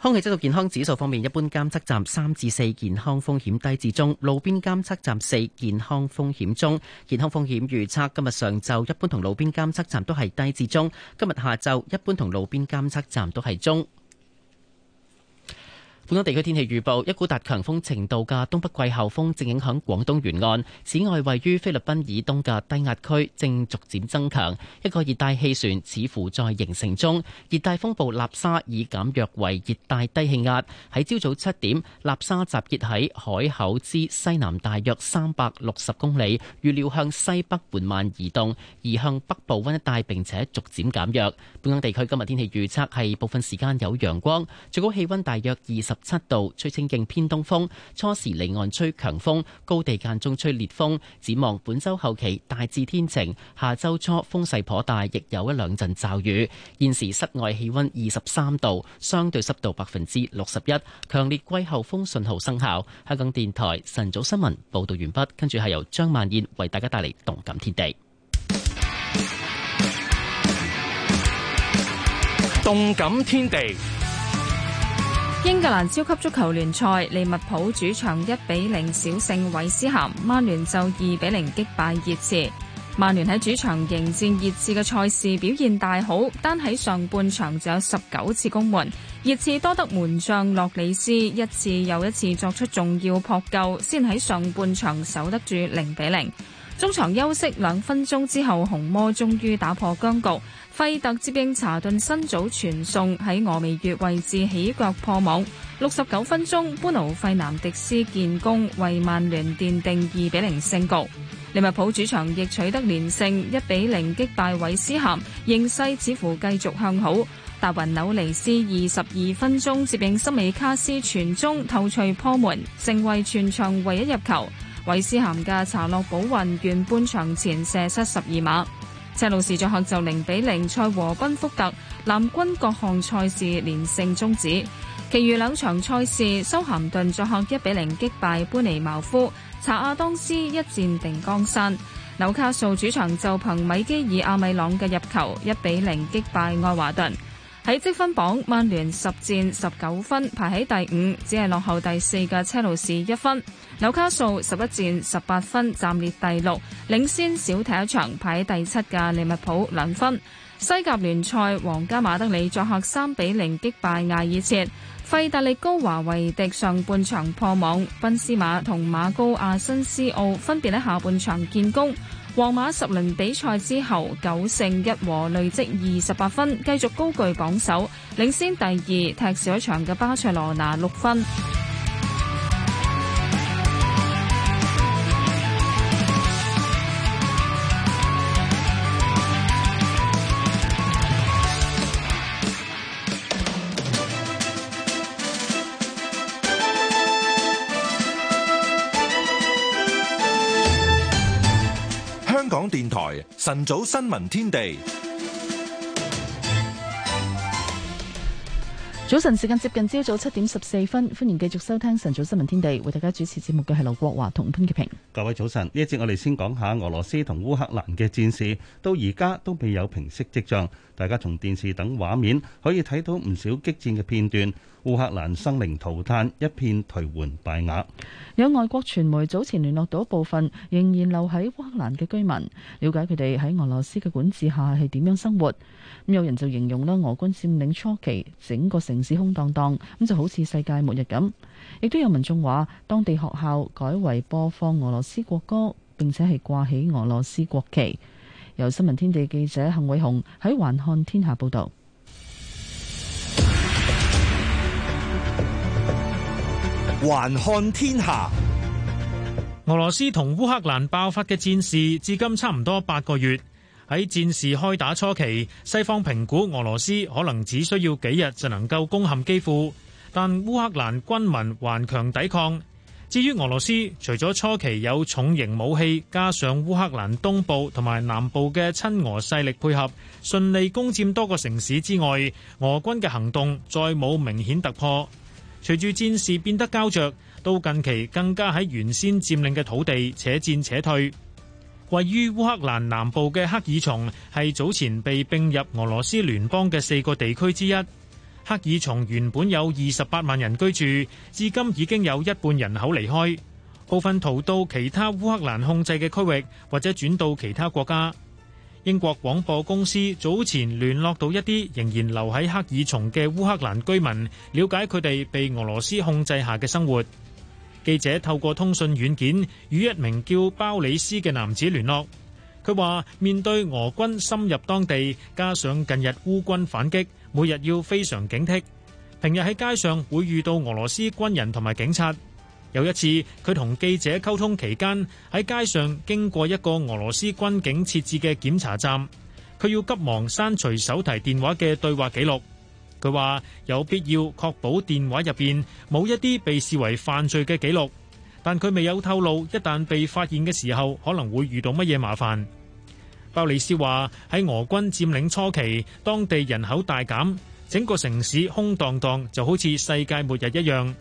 L: 空氣質素健康指數方面，一般監測站三至四健康風險低至中，路邊監測站四健康風險中。健康風險預測今日上晝一般同路邊監測站都係低至中，今日下晝一般同路邊監測站都係中。本港地區天氣預報，一股達強風程度嘅東北季候風正影響廣東沿岸。此外，位於菲律賓以東嘅低壓區正逐漸增強，一個熱帶氣旋似乎在形成中。熱帶風暴納沙已減弱為熱帶低氣壓，喺朝早七點納沙集結喺海口之西南大約三百六十公里，預料向西北緩慢移動，而向北部灣一帶並且逐漸減弱。本港地區今日天氣預測係部分時間有陽光，最高氣溫大約二十。七度，吹清勁偏東風，初時離岸吹強風，高地間中吹烈風。展望本周後期大致天晴，下周初風勢頗大，亦有一兩陣驟雨。現時室外氣溫二十三度，相對濕度百分之六十一，強烈季候風信號生效。香港電台晨早新聞報道完畢，跟住係由張萬燕為大家帶嚟動感天地。動感天地。
O: 英格蘭超級足球聯賽，利物浦主場一比零小勝韋斯咸，曼聯就二比零擊敗熱刺。曼聯喺主場迎戰熱刺嘅賽事表現大好，單喺上半場就有十九次攻門。熱刺多得門將洛里斯一次又一次作出重要撲救，先喺上半場守得住零比零。中場休息兩分鐘之後，紅魔終於打破僵局。費特接應查頓新組傳送喺峨眉月位置起腳破網，六十九分鐘，般奴費南迪斯建功為曼聯奠定二比零勝局。利物浦主場亦取得連勝，一比零擊敗韋斯咸，形勢似乎繼續向好。達雲紐尼斯二十二分鐘接應森美卡斯傳中透脆破門，成為全場唯一入球。韋斯咸嘅查洛寶雲原半場前射失十二碼。赤路士作客就零比零賽和賓福特，藍軍各項賽事連勝終止。其餘兩場賽事，修咸頓作客一比零擊敗班尼茅夫，查亞當斯一戰定江山。紐卡素主場就憑米基爾、阿米朗嘅入球，一比零擊敗愛華頓。喺積分榜，曼聯十戰十九分，排喺第五，只係落後第四嘅車路士一分。紐卡素十一戰十八分，暫列第六，領先少踢一場，排喺第七嘅利物浦兩分。西甲聯賽，皇家馬德里作客三比零擊敗艾爾切，費達利高華維迪上半場破網，賓斯馬同馬高亞新斯奧分別喺下半場建功。皇馬十輪比賽之後九勝一和，累積二十八分，繼續高踞榜首，領先第二踢少一場嘅巴塞羅拿六分。
A: 台晨早新聞天地，
C: 早晨時間接近朝早七點十四分，歡迎繼續收聽晨早新聞天地，為大家主持節目嘅係劉國華同潘潔平。
D: 各位早晨，呢一節我哋先講下俄羅斯同烏克蘭嘅戰事，到而家都未有平息跡象。大家從電視等畫面可以睇到唔少激戰嘅片段。烏克蘭生靈塗炭，一片頹垣敗瓦。
C: 有外國傳媒早前聯絡到部分仍然留喺烏克蘭嘅居民，了解佢哋喺俄羅斯嘅管治下係點樣生活。咁有人就形容啦，俄軍佔領初期，整個城市空蕩蕩，咁就好似世界末日咁。亦都有民眾話，當地學校改為播放俄羅斯國歌，並且係掛起俄羅斯國旗。由新聞天地記者幸偉雄喺環看天下報道。還看天下，
P: 俄羅斯同烏克蘭爆發嘅戰事至今差唔多八個月。喺戰事開打初期，西方評估俄羅斯可能只需要幾日就能夠攻陷基輔，但烏克蘭軍民頑強抵抗。至於俄羅斯，除咗初期有重型武器，加上烏克蘭東部同埋南部嘅親俄勢力配合，順利攻佔多個城市之外，俄軍嘅行動再冇明顯突破。隨住戰事變得膠着，到近期更加喺原先佔領嘅土地且戰且退。位於烏克蘭南部嘅克爾松係早前被並入俄羅斯聯邦嘅四個地區之一。克爾松原本有二十八萬人居住，至今已經有一半人口離開，部分逃到其他烏克蘭控制嘅區域，或者轉到其他國家。英國廣播公司早前聯絡到一啲仍然留喺黑爾松嘅烏克蘭居民，了解佢哋被俄羅斯控制下嘅生活。記者透過通訊軟件與一名叫鮑里斯嘅男子聯絡，佢話面對俄軍深入當地，加上近日烏軍反擊，每日要非常警惕。平日喺街上會遇到俄羅斯軍人同埋警察。有一次，佢同記者溝通期間喺街上經過一個俄羅斯軍警設置嘅檢查站，佢要急忙刪除手提電話嘅對話記錄，佢話有必要確保電話入邊冇一啲被視為犯罪嘅記錄，但佢未有透露一旦被發現嘅時候可能會遇到乜嘢麻煩。鮑里斯話喺俄軍佔領初期，當地人口大減，整個城市空蕩蕩，就好似世界末日一樣。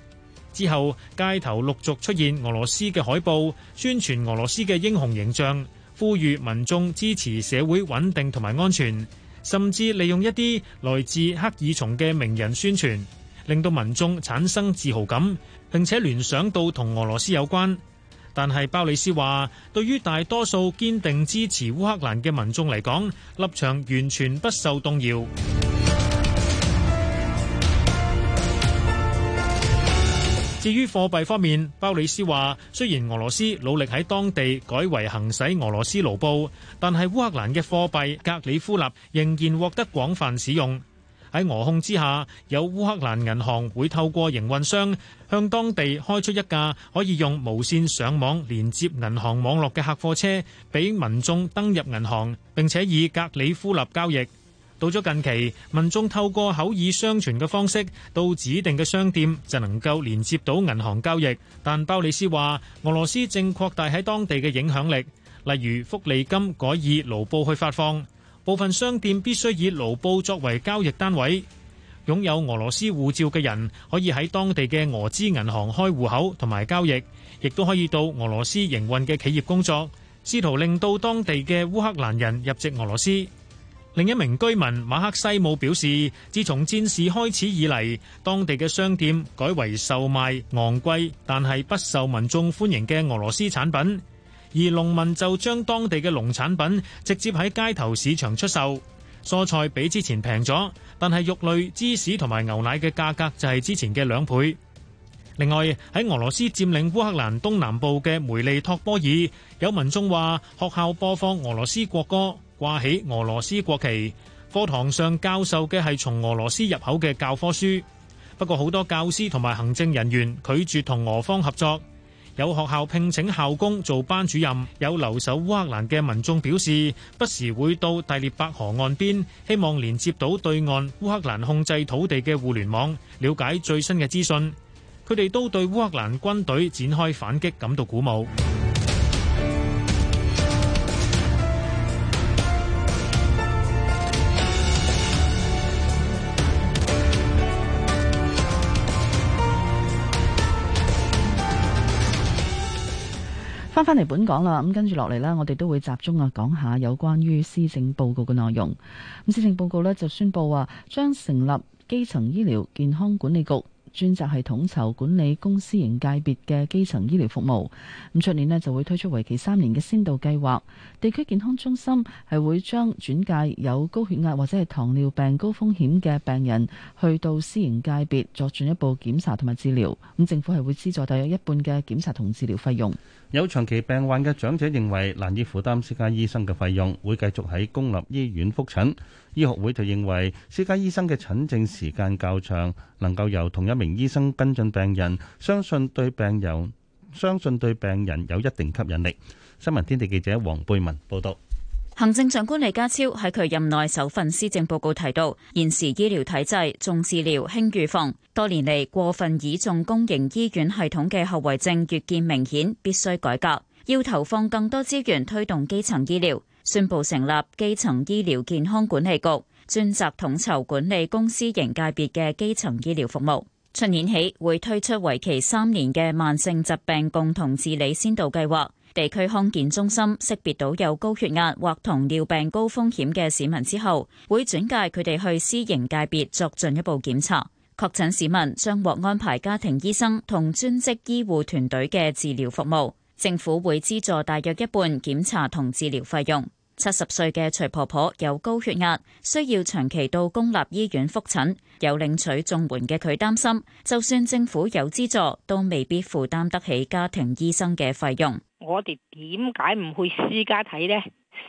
P: 之後，街頭陸續出現俄羅斯嘅海報，宣傳俄羅斯嘅英雄形象，呼籲民眾支持社會穩定同埋安全，甚至利用一啲來自赫爾松嘅名人宣傳，令到民眾產生自豪感，並且聯想到同俄羅斯有關。但係鮑里斯話，對於大多數堅定支持烏克蘭嘅民眾嚟講，立場完全不受動搖。至於貨幣方面，鮑里斯話：雖然俄羅斯努力喺當地改為行使俄羅斯盧布，但係烏克蘭嘅貨幣格里夫納仍然獲得廣泛使用。喺俄控之下，有烏克蘭銀行會透過營運商向當地開出一架可以用無線上網連接銀行網絡嘅客貨車，俾民眾登入銀行並且以格里夫納交易。到咗近期，民眾透過口耳相傳嘅方式到指定嘅商店，就能夠連接到銀行交易。但鮑里斯話，俄羅斯正擴大喺當地嘅影響力，例如福利金改以盧布去發放，部分商店必須以盧布作為交易單位。擁有俄羅斯護照嘅人可以喺當地嘅俄資銀行開戶口同埋交易，亦都可以到俄羅斯營運嘅企業工作，試圖令到當地嘅烏克蘭人入籍俄羅斯。另一名居民馬克西姆表示，自從戰事開始以嚟，當地嘅商店改為售賣昂貴但係不受民眾歡迎嘅俄羅斯產品，而農民就將當地嘅農產品直接喺街頭市場出售。蔬菜比之前平咗，但係肉類、芝士同埋牛奶嘅價格就係之前嘅兩倍。另外喺俄羅斯佔領烏克蘭東南部嘅梅利托波爾有民眾話學校播放俄羅斯國歌掛起俄羅斯國旗，課堂上教授嘅係從俄羅斯入口嘅教科書。不過好多教師同埋行政人員拒絕同俄方合作。有學校聘請校工做班主任。有留守烏克蘭嘅民眾表示，不時會到第聶伯河岸邊，希望連接到對岸烏克蘭控制土地嘅互聯網，了解最新嘅資訊。佢哋都對烏克蘭軍隊展開反擊感到鼓舞。
C: 翻嚟本港啦，咁跟住落嚟咧，我哋都會集中啊講下有關於施政報告嘅內容。咁施政報告咧就宣布話，啊，將成立基層醫療健康管理局，專責係統籌管理公私營界別嘅基層醫療服務。咁出年咧就會推出為期三年嘅先導計劃，地區健康中心係會將轉介有高血壓或者係糖尿病高風險嘅病人去到私營界別作進一步檢查同埋治療。咁政府係會資助大約一半嘅檢查同治療費用。
D: 有長期病患嘅長者認為難以負擔私家醫生嘅費用，會繼續喺公立醫院覆診。醫學會就認為私家醫生嘅診症時間較長，能夠由同一名醫生跟進病人，相信對病人相信對病人有一定吸引力。新聞天地記者黃貝文報道。
Q: 行政長官李家超喺佢任內首份施政報告提到，現時醫療體制重治療輕預防，多年嚟過分倚重公營醫院系統嘅後遺症越見明顯，必須改革，要投放更多資源推動基層醫療，宣布成立基層醫療健康管理局，專責統籌管理公私營界別嘅基層醫療服務。出年起會推出為期三年嘅慢性疾病共同治理先導計劃。地區康健中心識別到有高血壓或糖尿病高風險嘅市民之後，會轉介佢哋去私營界別作進一步檢查。確診市民將獲安排家庭醫生同專職醫護團隊嘅治療服務，政府會資助大約一半檢查同治療費用。七十歲嘅徐婆婆有高血壓，需要長期到公立醫院覆診。有領取綜援嘅佢擔心，就算政府有資助，都未必負擔得起家庭醫生嘅費用。
E: 我哋點解唔去私家睇呢？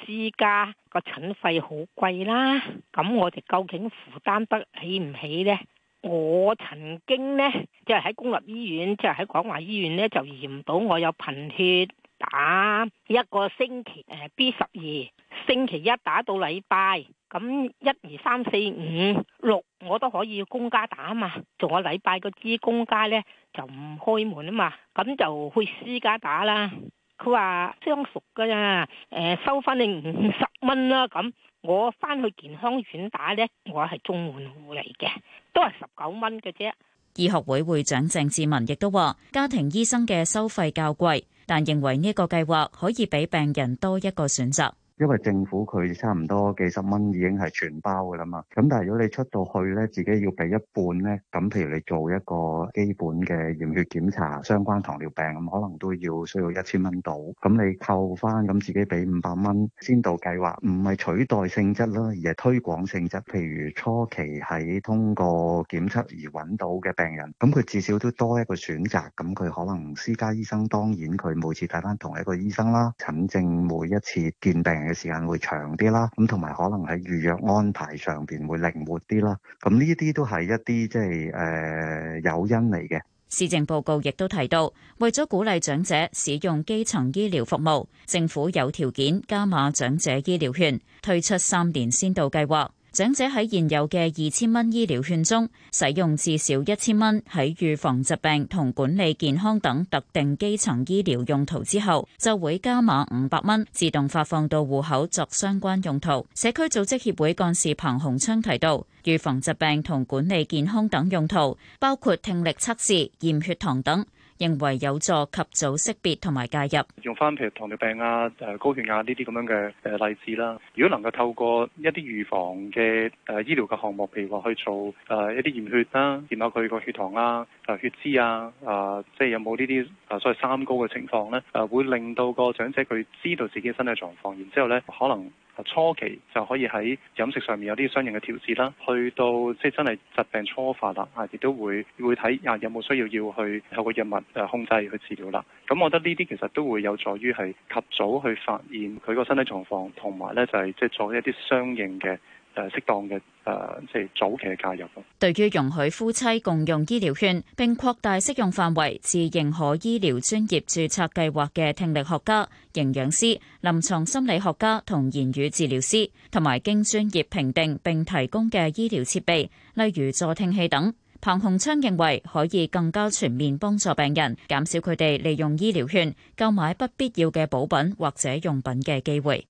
E: 私家個診費好貴啦，咁我哋究竟負擔得起唔起呢？我曾經呢，即係喺公立醫院，即係喺廣華醫院呢，就驗到我有貧血，打一個星期誒、呃、B 十二，星期一打到禮拜，咁一二三四五六我都可以公家打啊嘛，仲有禮拜個支公家呢，就唔開門啊嘛，咁就去私家打啦。佢話相熟噶咋？誒，收翻你五十蚊啦咁，我翻去健康院打咧，我係中門戶嚟嘅，都係十九蚊
Q: 嘅啫。醫學會會長鄭志文亦都話，家庭醫生嘅收費較貴，但認為呢一個計劃可以俾病人多一個選擇。
N: 因為政府佢差唔多幾十蚊已經係全包噶啦嘛，咁但係如果你出到去咧，自己要俾一半咧，咁譬如你做一個基本嘅驗血檢查，相關糖尿病咁，可能都要需要一千蚊到，咁你扣翻咁自己俾五百蚊先到計劃，唔係取代性質啦，而係推廣性質。譬如初期喺通過檢測而揾到嘅病人，咁佢至少都多一個選擇，咁佢可能私家醫生當然佢每次睇翻同一個醫生啦，診症每一次見病，嘅時間會長啲啦，咁同埋可能喺預約安排上邊會靈活啲啦，咁呢啲都係一啲即係誒誘因嚟嘅。
Q: 施政報告亦都提到，為咗鼓勵長者使用基層醫療服務，政府有條件加碼長者醫療券，推出三年先導計劃。長者喺現有嘅二千蚊醫療券中，使用至少一千蚊喺預防疾病同管理健康等特定基層醫療用途之後，就會加碼五百蚊自動發放到戶口作相關用途。社區組織協會幹事彭洪昌提到，預防疾病同管理健康等用途包括聽力測試、驗血糖等。認為有助及早識別同埋介入，
H: 用翻，譬如糖尿病啊、誒高血壓呢啲咁樣嘅誒例子啦。
R: 如果能夠透過一啲預防嘅誒醫療嘅項目，譬如話去做誒一啲驗血啦、啊，驗下佢個血糖啦、啊、誒血脂啊、啊即係有冇呢啲誒所謂三高嘅情況咧，
D: 誒、啊、會令到個長者佢知道自己身體狀況，然之後咧可能。初期就可以喺飲食上面有啲相應嘅調節啦，去到即係真係疾病初發啦，啊亦
R: 都會會睇啊有冇需要要去透過藥物啊控制去治療啦。咁我覺得呢啲其實
H: 都會有助於係及早去發現佢個身體狀況，同埋咧就係即係做一啲相應嘅。誒適當嘅誒，即係早期嘅介入咯。
Q: 對於容許夫妻共用醫療券並擴大適用範圍，自認可醫療專業註冊計劃嘅聽力學家、營養師、臨床心理學家同言語治療師，同埋經專業評定並提供嘅醫療設備，例如助聽器等，彭洪昌認為可以更加全面幫助病人，減少佢哋利用醫療券購買不必要嘅補品或者用品嘅機會。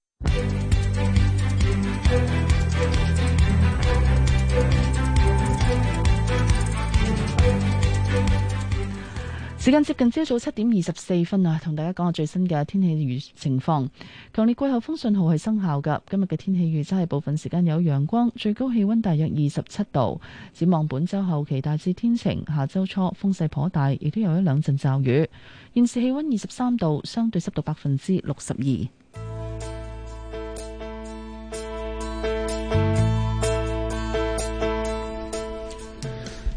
C: 時間接近朝早七點二十四分啊，同大家講下最新嘅天氣預情況。強烈季候風信號係生效㗎，今日嘅天氣預測係部分時間有陽光，最高氣溫大約二十七度。展望本周後期大致天晴，下周初風勢頗大，亦都有一兩陣驟雨。現時氣溫二十三度，相對濕度百分之六十二。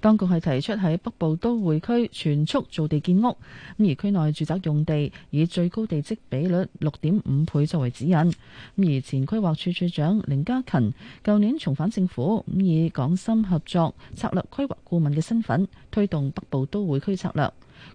C: 當局係提出喺北部都會區全速造地建屋，咁而區內住宅用地以最高地積比率六點五倍作為指引。咁而前規劃署署長凌嘉勤，舊年重返政府，咁以港深合作策略規劃顧問嘅身份推動北部都會區策略。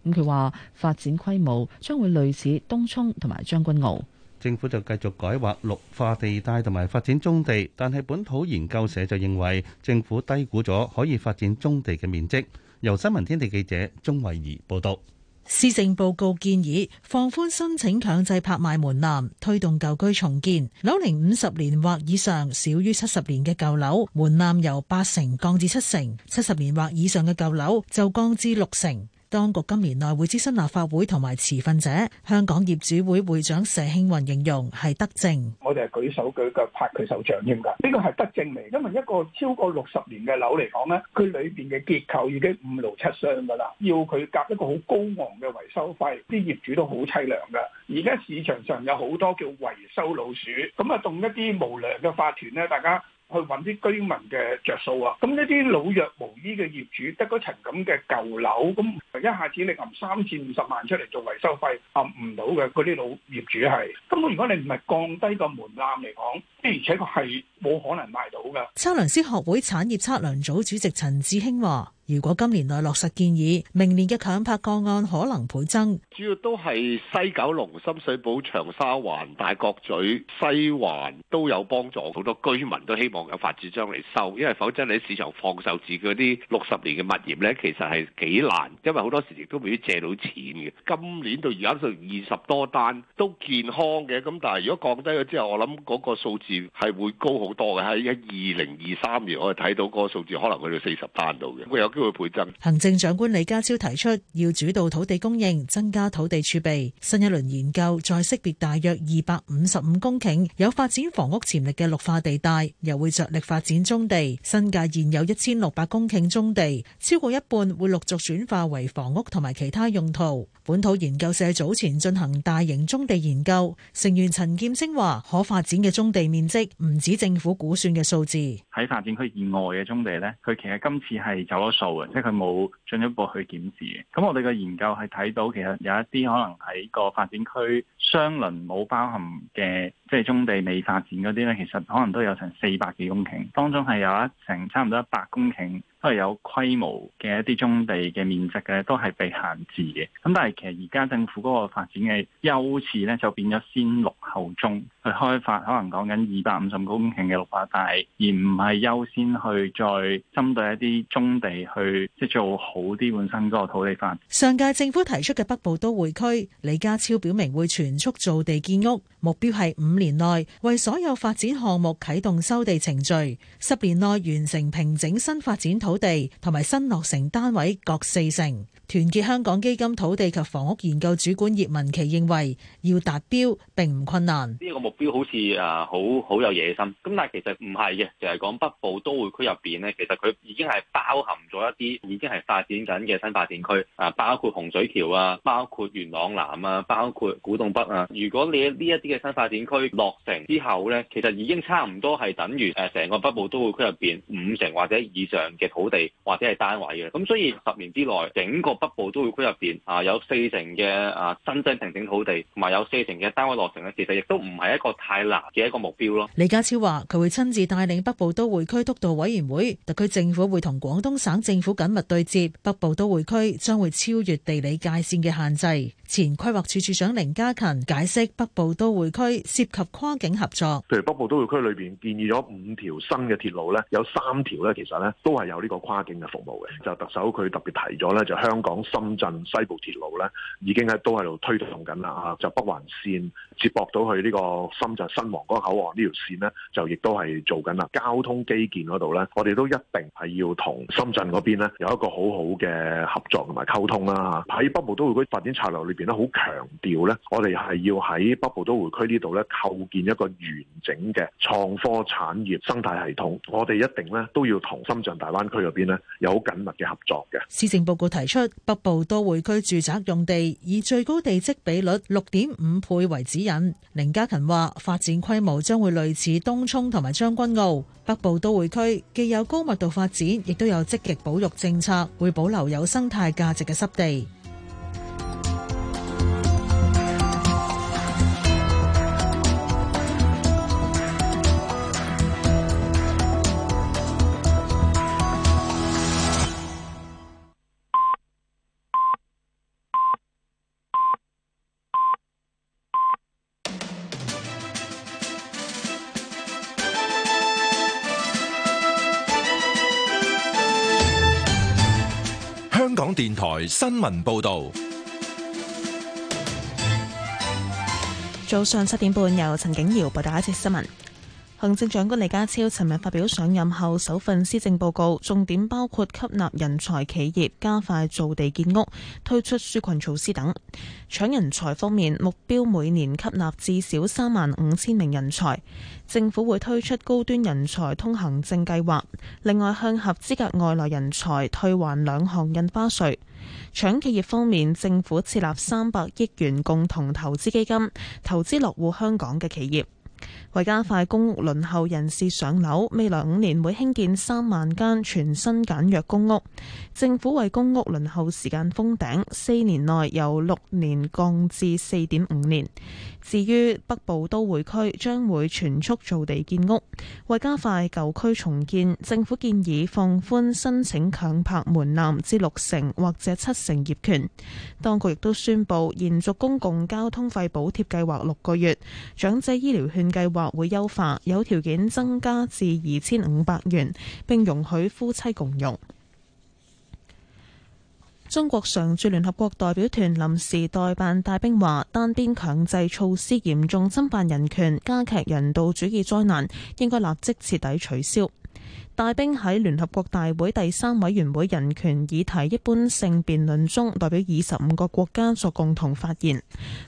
C: 咁佢話發展規模將會類似東涌同埋將軍澳。
D: 政府就繼續改劃綠化地帶同埋發展棕地，但係本土研究社就認為政府低估咗可以發展棕地嘅面積。由新聞天地記者鍾慧儀報道。
G: 施政報告建議放寬申請強制拍賣門檻，推動舊居重建。樓齡五十年或以上、少於七十年嘅舊樓門檻由八成降至七成，七十年或以上嘅舊樓就降至六成。當局今年內會諮詢立法會同埋持份者，香港業主會會長謝慶雲形容係德政。
R: 我哋係舉手舉腳拍佢手掌添噶，
G: 呢個係德政嚟。因為一個超過六
R: 十年嘅樓嚟講咧，佢裏邊嘅結構已經五勞七傷噶啦，要佢夾一個好高昂嘅維修費，啲業主都好淒涼噶而家市場上有好多叫維修老鼠，咁啊動一啲無良嘅法團咧，大家。去揾啲居民嘅着數啊。咁一啲老弱無依嘅業主得層，得嗰層咁嘅舊樓，咁一下子你揞三至五十萬出嚟做維修費，揞唔到嘅嗰啲老業主係根本。如果你唔係降低個門檻嚟講，的而且確係冇可能賣到㗎。
G: 測量師學會產業測量組主席陳志興話。如果今年內落實建議，明年嘅強拍個案可能倍增。
R: 主要都係西九龍、深水埗、長沙灣、大角咀、西環都有幫助，好多居民都希望有發展商嚟收，因為否則你喺市場放售住嗰啲六十年嘅物業咧，其實係幾難，因為好多時亦都未必借到錢嘅。今年到而家數二十多單都健康嘅，咁但係如果降低咗之後，我諗嗰個數字係會高好多嘅。喺二零二三年，我哋睇到嗰個數字可能去到四十單度嘅，咁有。都會倍增。
G: 行政長官李家超提出要主導土地供應，增加土地儲備。新一輪研究再識別大約二百五十五公頃有發展房屋潛力嘅綠化地帶，又會着力發展棕地。新界現有一千六百公頃棕地，超過一半會陸續轉化為房屋同埋其他用途。本土研究社早前進行大型棕地研究，成員陳劍清話：可發展嘅棕地面積唔止政府估算嘅數字。
R: 喺發展區以外嘅棕地呢，佢其實今次係走咗上。即係佢冇進一步去檢視嘅，咁我哋嘅研究係睇到其實有一啲可能喺個發展區雙輪冇包含嘅，即係中地未發展嗰啲呢，其實可能都有成四百幾公頃，當中係有一成差唔多一百公頃。都係有規模嘅一啲宗地嘅面積嘅，都係被限制嘅。咁但係其實而家政府嗰個發展嘅優先咧，就變咗先綠後棕去開發，可能講緊二百五十公頃嘅綠化帶，而唔係優先去
B: 再針對一啲宗地去即係做好啲本身嗰個土地翻。
G: 上屆政府提出嘅北部都會區，李家超表明會全速造地建屋，目標係五年內為所有發展項目啟動收地程序，十年內完成平整新發展土。土地同埋新落成單位各四成。團結香港基金土地及房屋研究主管葉文琪認為，要達標並唔困難。
D: 呢個
R: 目標好似誒好好有野心，咁但係其實唔係嘅，就係講北部都會區入邊呢，其實佢已經係包含咗一啲已經係發展緊嘅新發展區啊，包括洪水橋啊，包括元朗南啊，包括古洞北啊。如果你呢一啲嘅新發展區落成之後呢，其實已經差唔多係等於誒成個北部都會區入邊五成或者以上嘅土地或者係單位嘅。咁所以十年之內整個北部都會區入邊啊，有四成嘅啊新增平整土地，同埋有四成嘅單位落成呢其實，亦都唔係一個太難嘅一個目標咯。
G: 李家超話：佢會親自帶領北部都會區督導委員會，特區政府會同廣東省政府緊密對接，北部都會區將會超越地理界線嘅限制。前規劃署署長凌家勤解釋：北部都會區涉及跨境合作，譬
A: 如北部都會區裏邊建議咗五條新嘅鐵路呢，有三條呢其實呢都係有呢個跨境嘅服務嘅。就特首佢特別提咗呢就香。講深圳西部鐵路咧，已經喺都喺度推動緊啦，吓就北環線接駁到去呢個深圳新皇崗口岸呢條線咧，就亦都係做緊啦。交通基建嗰度咧，我哋都一定係要同深圳嗰邊咧有一個好好嘅合作同埋溝通啦，喺北部都會區發展策略裏邊咧，好強調咧，我哋係要喺北部都會區呢度咧，構建一個完整嘅創科產業生態系統。我哋一定咧都要同深圳大灣區嗰邊咧有緊密嘅合作嘅。
G: 施政報告提出。北部都會區住宅用地以最高地積比率六點五倍為指引，凌嘉勤話發展規模將會類似東涌同埋將軍澳。北部都會區既有高密度發展，亦都有積極保育政策，會保留有生態價值嘅濕地。
A: 電台新聞報道，
J: 早上七點半，由陳景瑤報道一節新聞。行政長官李家超尋日發表上任後首份施政報告，重點包括吸納人才、企業加快造地建屋、推出紓困措施等。搶人才方面，目標每年吸納至少三萬五千名人才，政府會推出高端人才通行證計劃，另外向合資格外來人才退還兩項印花稅。搶企業方面，政府設立三百億元共同投資基金，投資落戶香港嘅企業。為加快公屋輪候人士上樓，未來五年會興建三萬間全新簡約公屋。政府為公屋輪候時間封頂，四年內由六年降至四點五年。至於北部都會區將會全速造地建屋，為加快舊區重建，政府建議放寬申請強拍門檻至六成或者七成業權。當局亦都宣布延續公共交通費補貼計劃六個月，長者醫療券計劃會優化，有條件增加至二千五百元，並容許夫妻共用。中國常駐聯合國代表團臨時代辦戴兵話：單邊強制措施嚴重侵犯人權，加劇人道主義災難，應該立即徹底取消。大兵喺聯合國大會第三委員會人權議題一般性辯論中，代表二十五個國家作共同發言。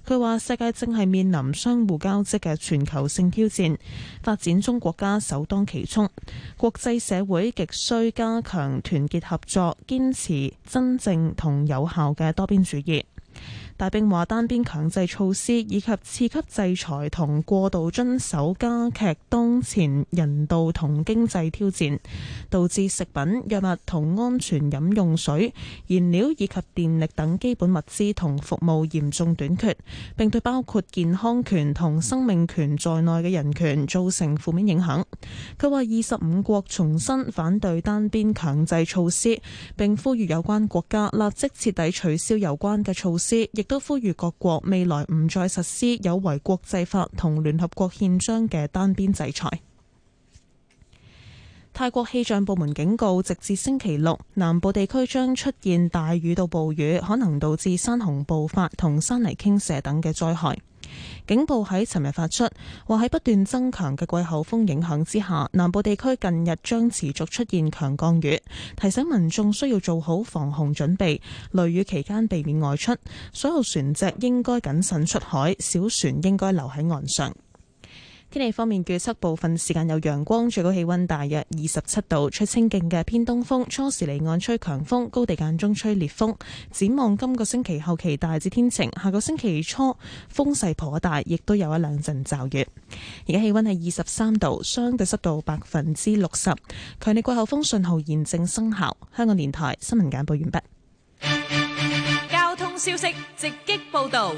J: 佢話，世界正係面臨相互交織嘅全球性挑戰，發展中國家首當其衝，國際社會極需加強團結合作，堅持真正同有效嘅多邊主義。大兵話，單邊強制措施以及次級制裁同過度遵守加劇當前人道同經濟挑戰，導致食品、藥物同安全飲用水、燃料以及電力等基本物資同服務嚴重短缺，並對包括健康權同生命權在內嘅人權造成負面影響。佢話，二十五國重申反對單邊強制措施，並呼籲有關國家立即徹底取消有關嘅措施。亦都呼籲各國未來唔再實施有違國際法同聯合國憲章嘅單邊制裁。泰國氣象部門警告，直至星期六，南部地區將出現大雨到暴雨，可能導致山洪暴發同山泥傾瀉等嘅災害。警報喺尋日發出，話喺不斷增強嘅季候風影響之下，南部地區近日將持續出現強降雨，提醒民眾需要做好防洪準備，雷雨期間避免外出，所有船隻應該謹慎出海，小船應該留喺岸上。天氣方面，預測部分時間有陽光，最高氣溫大約二十七度，吹清勁嘅偏東風，初時離岸吹強風，高地間中吹烈風。展望今個星期後期大致天晴，下個星期初風勢頗大，亦都有一兩陣驟雨。而家氣溫係二十三度，相對濕度百分之六十，強烈季候風信號現正生效。香港電台新聞簡報完畢。
K: 交通消息直擊報道。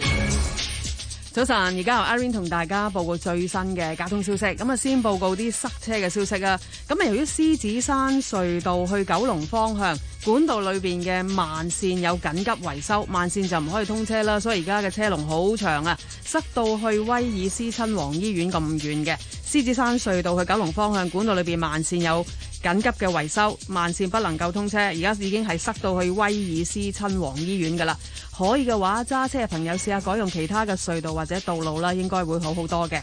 K: 早晨，而家由 Irene 同大家報告最新嘅交通消息。咁啊，先報告啲塞車嘅消息啊。咁啊，由於獅子山隧道去九龍方向管道裏邊嘅慢線有緊急維修，慢線就唔可以通車啦，所以而家嘅車龍好長啊，塞到去威爾斯親王醫院咁遠嘅。獅子山隧道去九龍方向管道裏邊慢線有緊急嘅維修，慢線不能夠通車，而家已經係塞到去威爾斯親王醫院㗎喇。可以嘅話，揸車嘅朋友試下改用其他嘅隧道或者道路啦，應該會好好多嘅。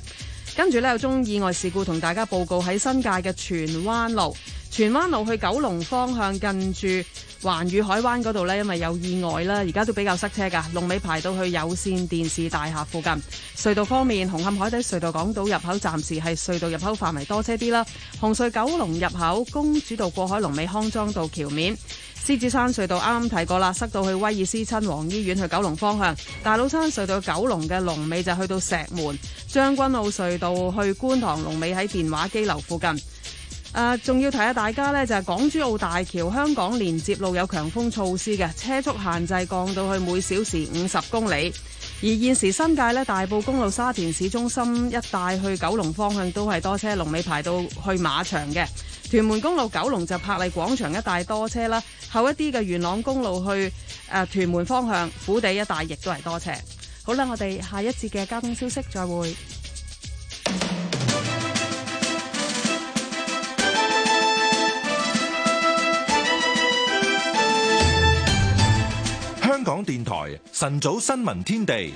K: 跟住呢，有宗意外事故同大家報告，喺新界嘅荃灣路，荃灣路去九龍方向近住環宇海灣嗰度呢，因為有意外啦，而家都比較塞車㗎，龍尾排到去有線電視大廈附近。隧道方面，紅磡海底隧道港島入口暫時係隧道入口範圍多車啲啦，紅隧九龍入口公主道過海龍尾，康莊道橋面。獅子山隧道啱啱提過啦，塞到去威爾斯親王醫院去九龍方向；大老山隧道九龍嘅龍尾就去到石門，將軍澳隧道去觀塘龍尾喺電話機樓附近。呃、仲要提下大家呢，就係、是、港珠澳大橋香港連接路有強風措施嘅，車速限制降到去每小時五十公里。而現時新界呢，大埔公路沙田市中心一帶去九龍方向都係多車，龍尾排到去馬場嘅。屯門公路九龍就柏麗廣場一帶多車啦，後一啲嘅元朗公路去誒屯門方向，虎地一帶亦都係多車。好啦，我哋下一節嘅交通消息再會。
A: 香港電台晨早新聞天地。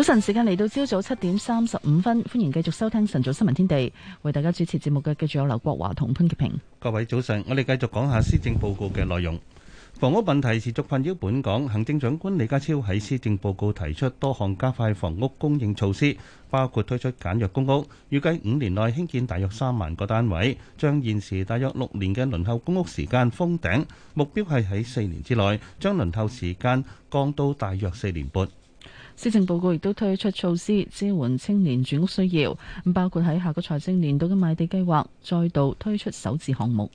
C: 早晨時間嚟到，朝早七點三十五分，歡迎繼續收聽晨早新聞天地，為大家主持節目嘅繼續有劉國華同潘潔平。
D: 各位早晨，我哋繼續講下施政報告嘅內容。房屋問題持續困擾本港，行政長官李家超喺施政報告提出多項加快房屋供應措施，包括推出簡約公屋，預計五年內興建大約三萬個單位，將現時大約六年嘅輪候公屋時間封頂，目標係喺四年之內將輪候時間降到大約四年半。
C: 施政報告亦都推出措施支援青年住屋需要，包括喺下個財政年度嘅賣地計劃再度推出首置項目。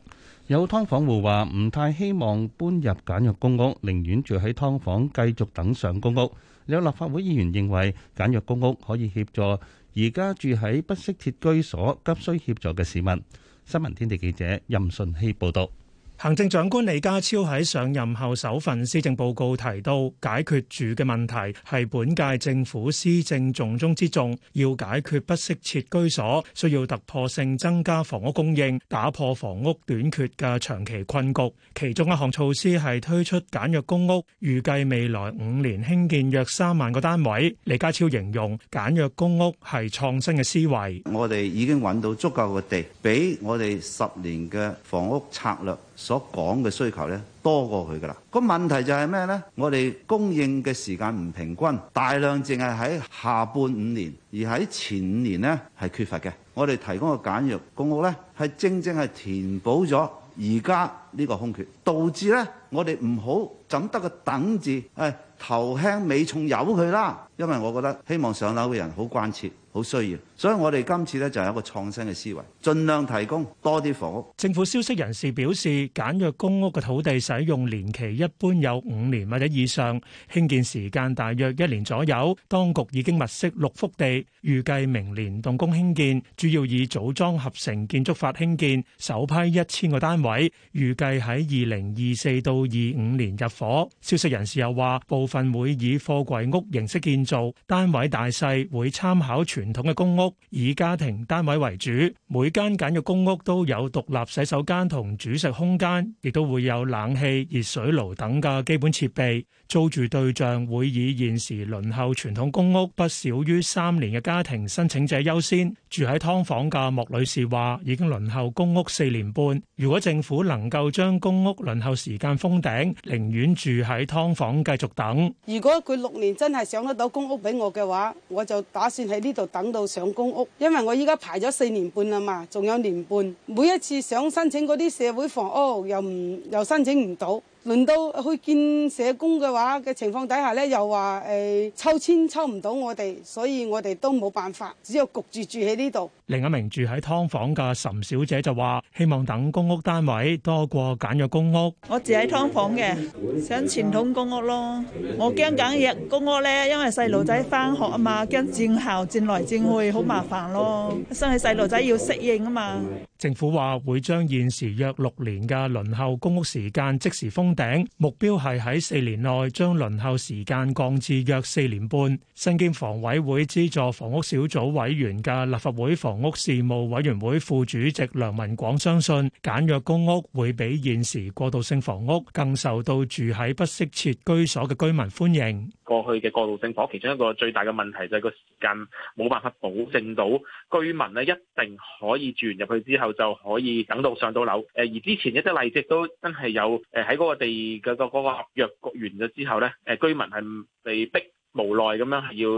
D: 有劏房戶話唔太希望搬入簡約公屋，寧願住喺劏房，繼續等上公屋。有立法會議員認為簡約公屋可以協助而家住喺不適切居所急需協助嘅市民。新聞天地記者任順希報道。行政長官李家超喺
S: 上任後首份施政報告提到，解決住嘅問題係本屆政府施政重中之重，要解決不適切居所，需要突破性增加房屋供應，打破房屋短缺嘅長期困局。其中一項措施係推出簡約公屋，預計未來五年興建約三萬個單位。李家超形容簡約公屋係創新嘅思維，
N: 我哋已經揾到足夠嘅地，俾我哋十年嘅房屋策略。所講嘅需求咧多過佢噶啦，個問題就係咩咧？我哋供應嘅時間唔平均，大量淨係喺下半五年，而喺前五年咧係缺乏嘅。我哋提供嘅簡約公屋咧，係正正係填補咗而家呢個空缺，導致咧我哋唔好淨得個等字，誒、哎、頭輕尾重有佢啦。因為我覺得希望上樓嘅人好關切。好需要，所以我哋今次咧就有一個創新嘅思維，盡量提供多啲房屋。
S: 政府消息人士表示，簡約公屋嘅土地使用年期一般有五年或者以上，興建時間大約一年左右。當局已經物色六幅地，預計明年動工興建，主要以組裝合成建築法興建，首批一千個單位，預計喺二零二四到二五年入伙。消息人士又話，部分會以貨櫃屋形式建造，單位大細會參考全。傳統嘅公屋以家庭單位為主，每間簡約公屋都有獨立洗手間同煮食空間，亦都會有冷氣、熱水爐等嘅基本設備。租住對象會以現時輪候傳統公屋不少於三年嘅家庭申請者優先。住喺劏房嘅莫女士話，已經輪候公屋四年半，如果政府能夠將公屋輪候時間封頂，寧願住喺劏房繼續等。
K: 如果佢六年真係上得到公屋俾我嘅話，我就打算喺呢度等到上公屋，因為我依家排咗四年半啦嘛，仲有年半。每一次想申請嗰啲社會房屋，哦、又唔又申請唔到。輪到去見社工嘅話嘅情況底下咧，又話誒、呃、抽籤抽唔到我哋，所以我哋都冇辦法，只有焗住住喺呢度。
S: 另一名住喺劏房嘅岑小姐就話：希望等公屋單位多過簡約公屋。
K: 我住喺劏
J: 房嘅，想傳統公屋咯。我驚簡約公屋咧，因為細路仔翻
K: 學啊嘛，驚轉校轉來轉去好麻煩咯。新嘅細路仔要適應啊嘛。
S: 政府話會將現時約六年嘅輪候公屋時間即時封頂，目標係喺四年內將輪候時間降至約四年半。新兼房委會資助房屋小組委員嘅立法會房屋事務委員會副主席梁文廣相信，簡約公屋會比現時過渡性房屋更受到住喺不適切居所嘅居民歡迎。
R: 過去嘅過渡性房屋，其中一個最大嘅問題就係個時間冇辦法保證到居民咧，一定可以住完入去之後就可以等到上到樓。誒，而之前一啲例子都真係有，誒喺嗰個地嘅個嗰個合約完咗之後咧，誒居民係被逼。無奈咁樣係要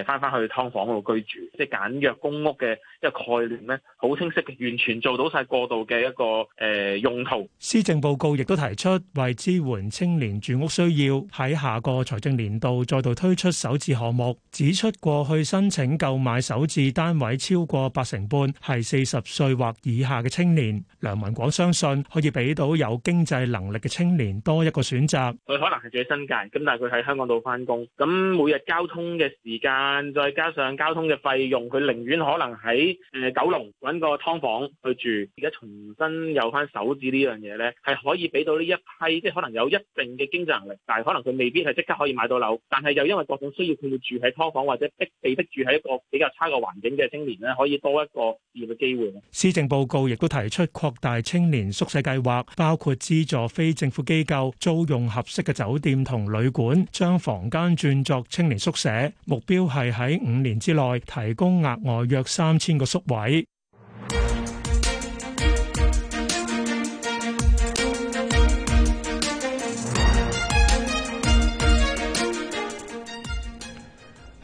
R: 誒翻返去劏房嗰度居住，即係簡約公屋嘅一個概念咧，好清晰嘅，完全做到晒過渡嘅一個誒用途。
S: 施政報告亦都提出，為支援青年住屋需要，喺下個財政年度再度推出首置項目，指出過去申請購買首置單位超過八成半係四十歲或以下嘅青年。梁文廣相信可以俾到有經濟能力嘅青年多一個選擇。
R: 佢可能係住喺新界，咁但係佢喺香港度翻工，咁冇。每日交通嘅時間，再加上交通嘅費用，佢寧願可能喺誒九龍揾個劏房去住。而家重新有翻首置呢樣嘢咧，係可以俾到呢一批，即係可能有一定嘅經濟能力，但係可能佢未必係即刻可以買到樓，但係又因為各種需要，佢會住喺劏房或者逼被逼住喺一個比較差嘅環境嘅青年咧，可以多一個住嘅機會。
S: 施政報告亦都提出擴大青年宿舍計劃，包括資助非政府機構租用合適嘅酒店同旅館，將房間轉作。青年宿舍目標係喺五年之內提供額外約三千個宿位。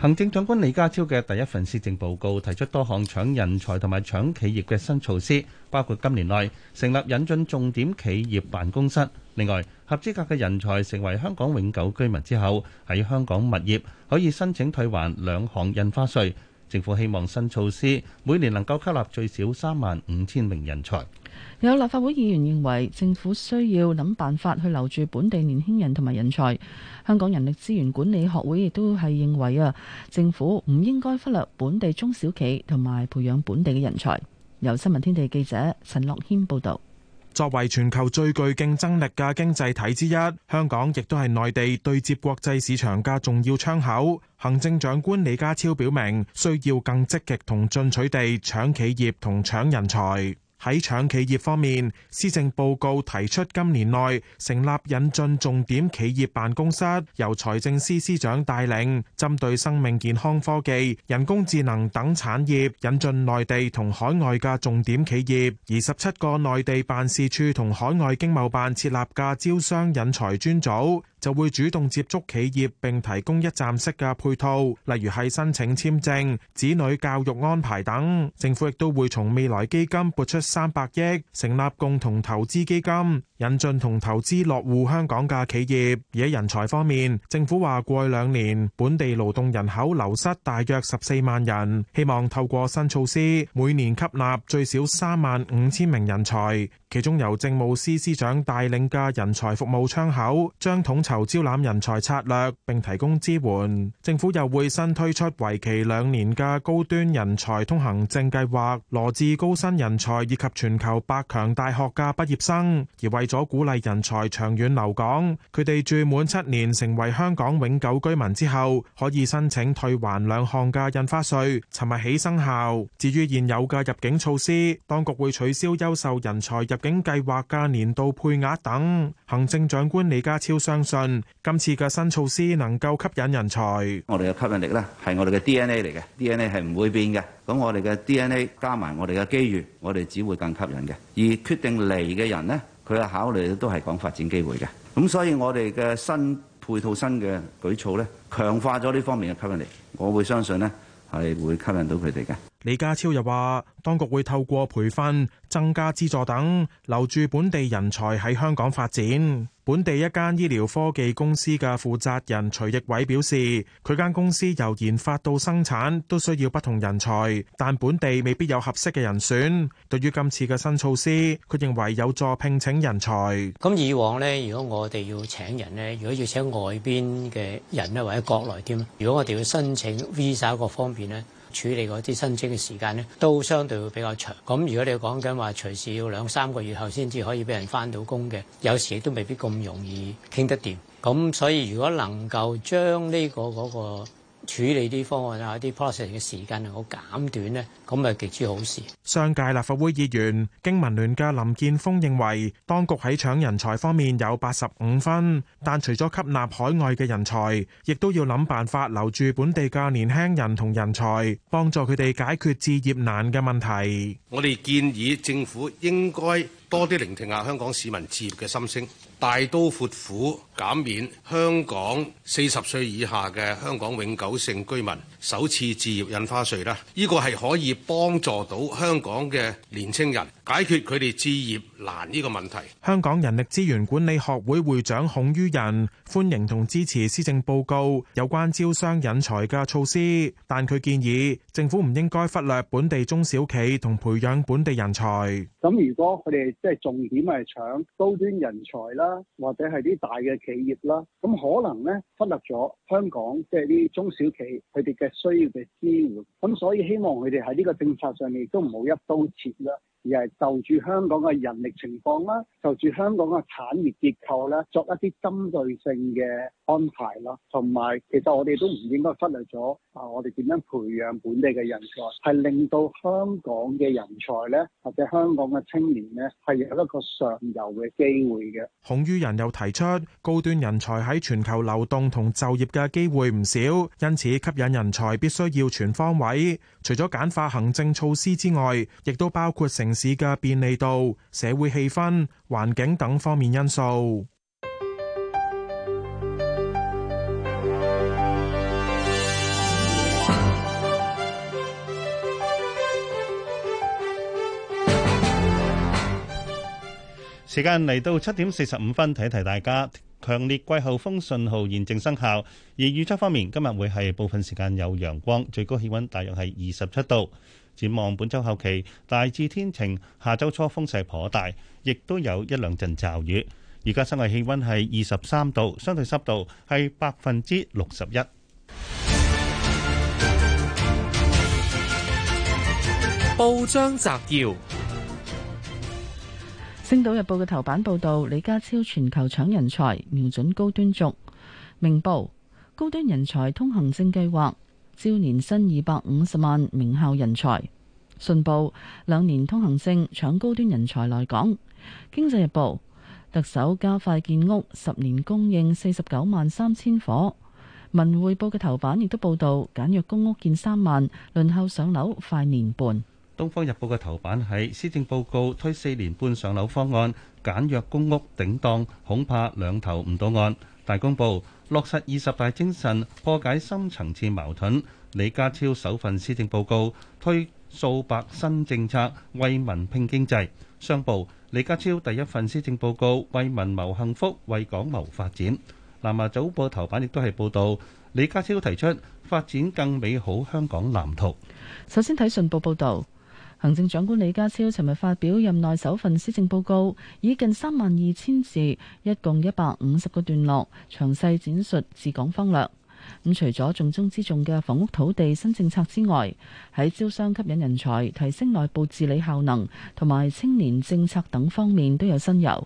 D: 行政長官李家超嘅第一份施政報告提出多項搶人才同埋搶企業嘅新措施，包括今年內成立引進重點企業辦公室。另外，合資格嘅人才成為香港永久居民之後，喺香港物業可以申請退還兩項印花稅。政府希望新措施每年能夠吸納最少三萬五千名人才。
C: 有立法會議員認為政府需要諗辦法去留住本地年輕人同埋人才。香港人力資源管理學會亦都係認為啊，政府唔應該忽略本地中小企同埋培養本地嘅人才。由新聞天地記者陳樂謙報道。
M: 作為全球最具競爭力嘅經濟體之一，香港亦都係內地對接國際市場嘅重要窗口。行政長官李家超表明，需要更積極同進取地搶企業同搶人才。喺搶企業方面，施政報告提出今年內成立引進重點企業辦公室，由財政司司長帶領，針對生命健康科技、人工智能等產業，引進內地同海外嘅重點企業。二十七個內地辦事處同海外經貿辦設立嘅招商引才專組。就會主動接觸企業並提供一站式嘅配套，例如係申請簽證、子女教育安排等。政府亦都會從未來基金撥出三百億，成立共同投資基金，引進同投資落戶香港嘅企業。而喺人才方面，政府話過去兩年本地勞動人口流失大約十四萬人，希望透過新措施每年吸納最少三萬五千名人才。其中由政務司司長帶領嘅人才服務窗口，將統籌招攬人才策略，並提供支援。政府又會新推出為期兩年嘅高端人才通行證計劃，羅致高薪人才以及全球百強大學嘅畢業生。而為咗鼓勵人才長遠留港，佢哋住滿七年成為香港永久居民之後，可以申請退還兩項嘅印花稅，尋日起生效。至於現有嘅入境措施，當局會取消優秀人才入警計劃嘅年度配額等，行政長官李家超相信今次嘅新措施能夠吸引人才。
N: 我哋嘅吸引力呢，係我哋嘅 DNA 嚟嘅，DNA 係唔會變嘅。咁我哋嘅 DNA 加埋我哋嘅機遇，我哋只會更吸引嘅。而決定嚟嘅人呢，佢嘅考慮都係講發展機會嘅。咁所以我哋嘅新配套新嘅舉措呢，強化咗呢方面嘅吸引力，我會相信呢，係會吸引到佢哋嘅。
M: 李家超又話，當局會透過培訓、增加資助等，留住本地人才喺香港發展。本地一間醫療科技公司嘅負責人徐奕偉表示，佢間公司由研發到生產都需要不同人才，但本地未必有合適嘅人選。對於今次嘅新措施，佢認為有助聘
H: 請人才。咁以往咧，如果我哋要請人咧，如果要請外邊嘅人咧，或者國內添，如果我哋要申請 visa 個方面咧。處理嗰啲申請嘅時間咧，都相對會比較長。咁如果你講緊話隨時要兩三個月後先至可以俾人返到工嘅，有時都未必咁容易傾得掂。咁所以如果能夠將呢個嗰個，那個處理啲方案啊，啲 project 嘅時間好夠減短呢，咁咪極之好事。上屆立法會議
M: 員經民聯嘅林建峰認為，當局喺搶人才方面有八十五分，但除咗吸納海外嘅人才，亦都要諗辦法留住本地嘅年輕人同人才，幫助佢哋解決置業難嘅問題。
D: 我哋建議政府應該多啲聆聽下香港市民置業嘅心聲，大刀闊斧減免香港四十歲以下嘅香港永久性居民首次置業印花稅啦！呢個係可以幫助到香港嘅年青人。
M: 解決佢哋置業難呢個問題。香港人力資源管理學會會長孔于人歡迎同支持施政報告有關招商引才嘅措施，但佢建議政府唔應該忽略本地中小企同培養本地人才。
R: 咁如果佢哋即係重點係搶高端人才啦，或者係啲大嘅企業啦，咁可能咧忽略咗香港即係啲中小企佢哋嘅需要嘅支援，咁所以希望佢哋喺呢個政策上面都唔好一刀切啦。而係
D: 就住香港嘅人力情況啦，就住香港嘅產業結構啦，作一啲針對性嘅安排啦。同埋，其實我哋都唔應該忽略咗啊！我
R: 哋點樣培養本地嘅人才，係令到香港嘅人才咧，或者香
S: 港嘅青年咧，係有一個上游嘅機會嘅。
M: 孔于仁又提出，高端人才喺全球流動同就業嘅機會唔少，因此吸引人才必須要全方位。除咗簡化行政措施之外，亦都包括成。市嘅便利度、社會氣氛、環境等方面因素。
D: 時間嚟到七點四十五分，提提大家，強烈季候風信號現正生效。而預測方面，今日會係部分時間有陽光，最高氣温大約係二十七度。展望本周後期大致天晴，下周初風勢頗大，亦都有一兩陣驟雨。而家室外氣温係二十三度，相對濕度係百分之六十一。報章摘要
C: 《星島日報》嘅頭版報道：李家超全球搶人才，瞄準高端族。明報《高端人才通行證計劃》。招年薪二百五十萬名校人才，信報兩年通行證搶高端人才來港。經濟日報特首加快建屋，十年供應四十九萬三千伙。文匯報嘅頭版亦都報道簡約公屋建三萬，輪候上樓快年半。
D: 東方日報嘅頭版喺施政報告推四年半上樓方案，簡約公屋頂檔恐怕兩頭唔到岸。大公報。落實二十大精神，破解深層次矛盾。李家超首份施政報告推數百新政策，為民拼經濟。商報李家超第一份施政報告，為民謀幸福，為港謀發展。南華早報頭版亦都係報導，李家超提出發展更美
C: 好香港藍圖。首先睇信報報導。行政長官李家超尋日發表任內首份施政報告，以近三萬二千字，一共一百五十個段落，詳細展述治港方略。咁除咗重中之重嘅房屋土地新政策之外，喺招商吸引人才、提升內部治理效能同埋青年政策等方面都有新猷。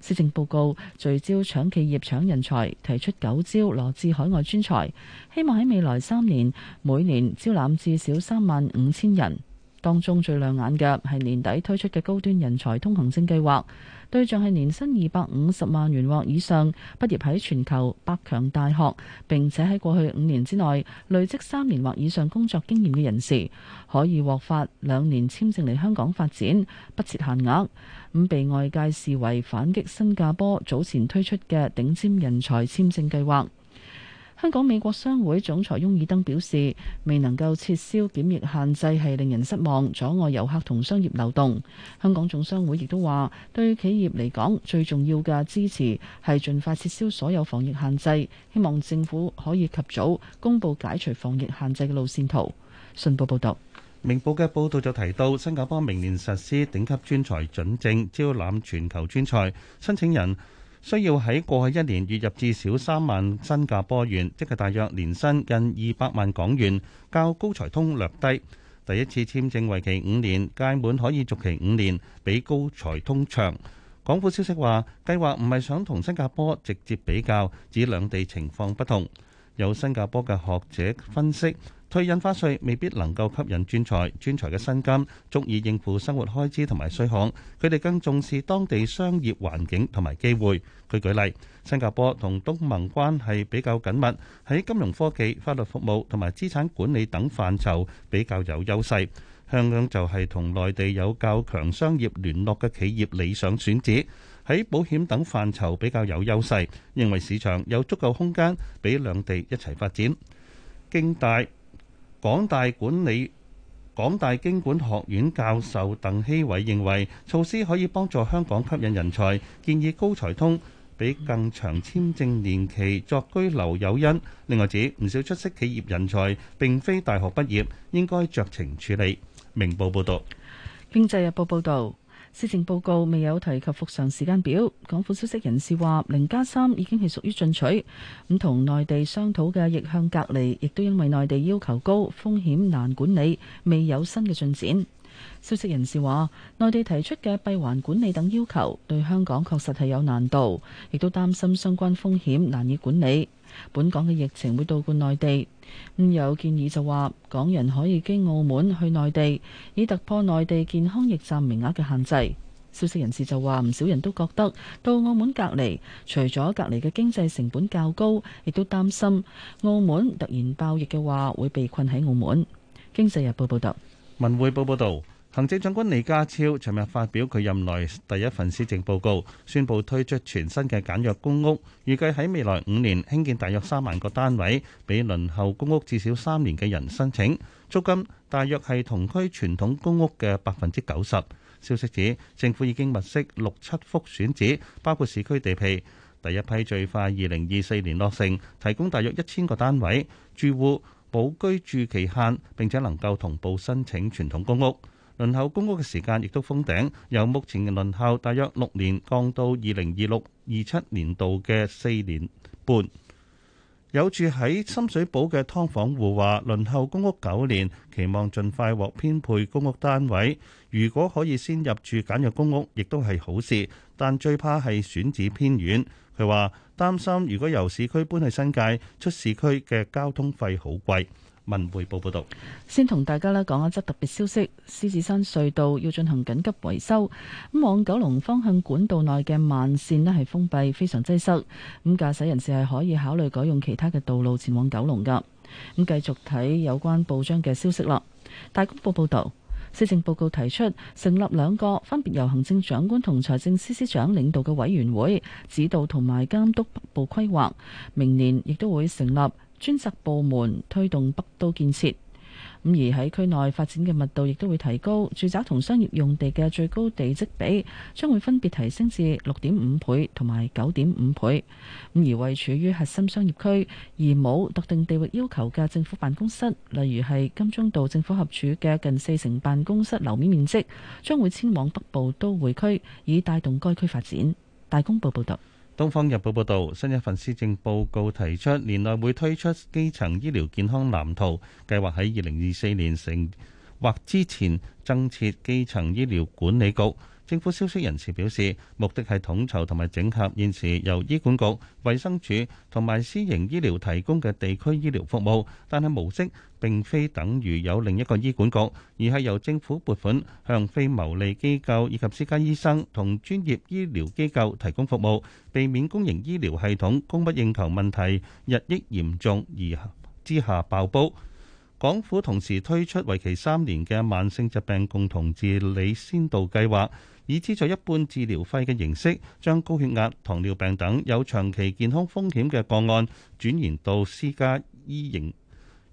C: 施政報告聚焦搶企業、搶人才，提出九招羅致海外專才，希望喺未來三年每年招攬至少三萬五千人。當中最亮眼嘅係年底推出嘅高端人才通行證計劃，對象係年薪二百五十萬元或以上、畢業喺全球百強大學並且喺過去五年之內累積三年或以上工作經驗嘅人士，可以獲發兩年簽證嚟香港發展，不設限額。噉被外界視為反擊新加坡早前推出嘅頂尖人才簽證計劃。香港美國商會總裁翁爾登表示，未能夠撤銷檢疫限制係令人失望，阻礙遊客同商業流動。香港總商會亦都話，對於企業嚟講最重要嘅支持係盡快撤銷所有防疫限制，希望政府可以及早公布解除防疫限制嘅路線圖。信報報道，
D: 明報嘅報道就提到，新加坡明年實施頂級專才準證，招攬全球專才，申請人。需要喺過去一年月入至少三萬新加坡元，即係大約年薪近二百萬港元，較高才通略低。第一次簽證為期五年，屆滿可以續期五年，比高才通長。港府消息話，計劃唔係想同新加坡直接比較，指兩地情況不同。有新加坡嘅學者分析。退印花稅未必能夠吸引專才，專才嘅薪金足以應付生活開支同埋稅項。佢哋更重視當地商業環境同埋機會。佢舉例，新加坡同東盟關係比較緊密，喺金融科技、法律服務同埋資產管理等範疇比較有優勢。香港就係同內地有較強商業聯絡嘅企業理想選址，喺保險等範疇比較有優勢，認為市場有足夠空間俾兩地一齊發展。經大。港大管理港大經管學院教授鄧希偉認為，措施可以幫助香港吸引人才，建議高才通畀更長簽證年期作居留誘因。另外指，唔少出色企業人才並非大學畢業，應該酌情處理。明報報道，
C: 經濟日報報道。施政報告未有提及復常時間表。港府消息人士話，零加三已經係屬於進取。咁同內地商討嘅逆向隔離，亦都因為內地要求高、風險難管理，未有新嘅進展。消息人士話，內地提出嘅閉環管理等要求對香港確實係有難度，亦都擔心相關風險難以管理。本港嘅疫情會倒灌內地，咁有建議就話，港人可以經澳門去內地，以突破內地健康驛站名額嘅限制。消息人士就話，唔少人都覺得到澳門隔離，除咗隔離嘅經濟成本較高，亦都擔心澳門突然爆疫嘅話，會被困喺澳門。經濟日報報道。
D: 文匯報報道，行政長官李家超尋日發表佢任內第一份施政報告，宣佈推出全新嘅簡約公屋，預計喺未來五年興建大約三萬個單位，俾輪候公屋至少三年嘅人申請，租金大約係同區傳統公屋嘅百分之九十。消息指，政府已經物色六七幅選址，包括市區地皮，第一批最快二零二四年落成，提供大約一千個單位住戶。保居住期限，並且能夠同步申請傳統公屋，輪候公屋嘅時間亦都封頂，由目前嘅輪候大約六年降到二零二六、二七年度嘅四年半。有住喺深水埗嘅劏房戶話：輪候公屋九年，期望盡快獲編配公屋單位。如果可以先入住簡約公屋，亦都係好事，但最怕係選址偏遠。佢話擔心，如果由市區搬去新界，出市區嘅交通費好貴。文匯報報
C: 道，先同大家呢講一則特別消息：獅子山隧道要進行緊急維修，咁往九龍方向管道內嘅慢綫呢係封閉，非常擠塞。咁駕駛人士係可以考慮改用其他嘅道路前往九龍㗎。咁繼續睇有關報章嘅消息啦。大公報報道。施政報告提出，成立兩個分別由行政長官同財政司司長領導嘅委員會，指導同埋監督北部規劃，明年亦都會成立專責部門，推動北都建設。咁而喺區內發展嘅密度亦都會提高，住宅同商業用地嘅最高地積比將會分別提升至六點五倍同埋九點五倍。咁而位處於核心商業區而冇特定地域要求嘅政府辦公室，例如係金鐘道政府合署嘅近四成辦公室樓面面積，將會遷往北部都會區，以帶動該區發展。大公報報道。
D: 《東方日報》報導，新一份施政報告提出，年內會推出基層醫療健康藍圖，計劃喺二零二四年成或之前增設基層醫療管理局。政府消息人士表示，目的係統籌同埋整合現時由醫管局、衛生署同埋私營醫療提供嘅地區醫療服務，但係模式，並非等於有另一個醫管局，而係由政府撥款向非牟利機構以及私家醫生同專業醫療機構提供服務，避免公營醫療系統供不應求問題日益嚴重而之下爆煲。港府同時推出為期三年嘅慢性疾病共同治理先導計劃，以資助一半治療費嘅形式，將高血壓、糖尿病等有長期健康風險嘅個案轉移到私家醫營，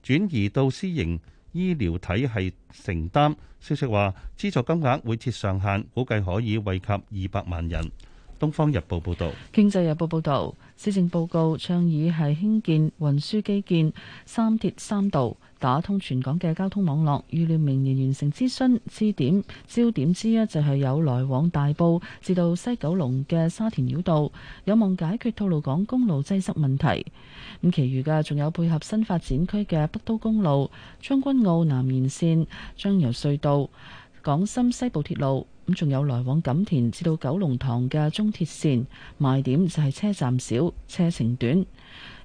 D: 轉移到私營醫療體系承擔。消息話資助金額會設上限，估計可以惠及二百萬人。《東方日報》報導，
C: 《經濟日報》報導，施政報告倡議係興建運輸基建三鐵三道。打通全港嘅交通網絡，預料明年完成諮詢。諮詢支點焦點之一就係有來往大埔至到西九龍嘅沙田繞道，有望解決吐露港公路擠塞問題。咁其餘嘅仲有配合新發展區嘅北都公路、將軍澳南延線、將油隧道、港深西部鐵路，咁仲有來往錦田至到九龍塘嘅中鐵綫。賣點就係車站少、車程短。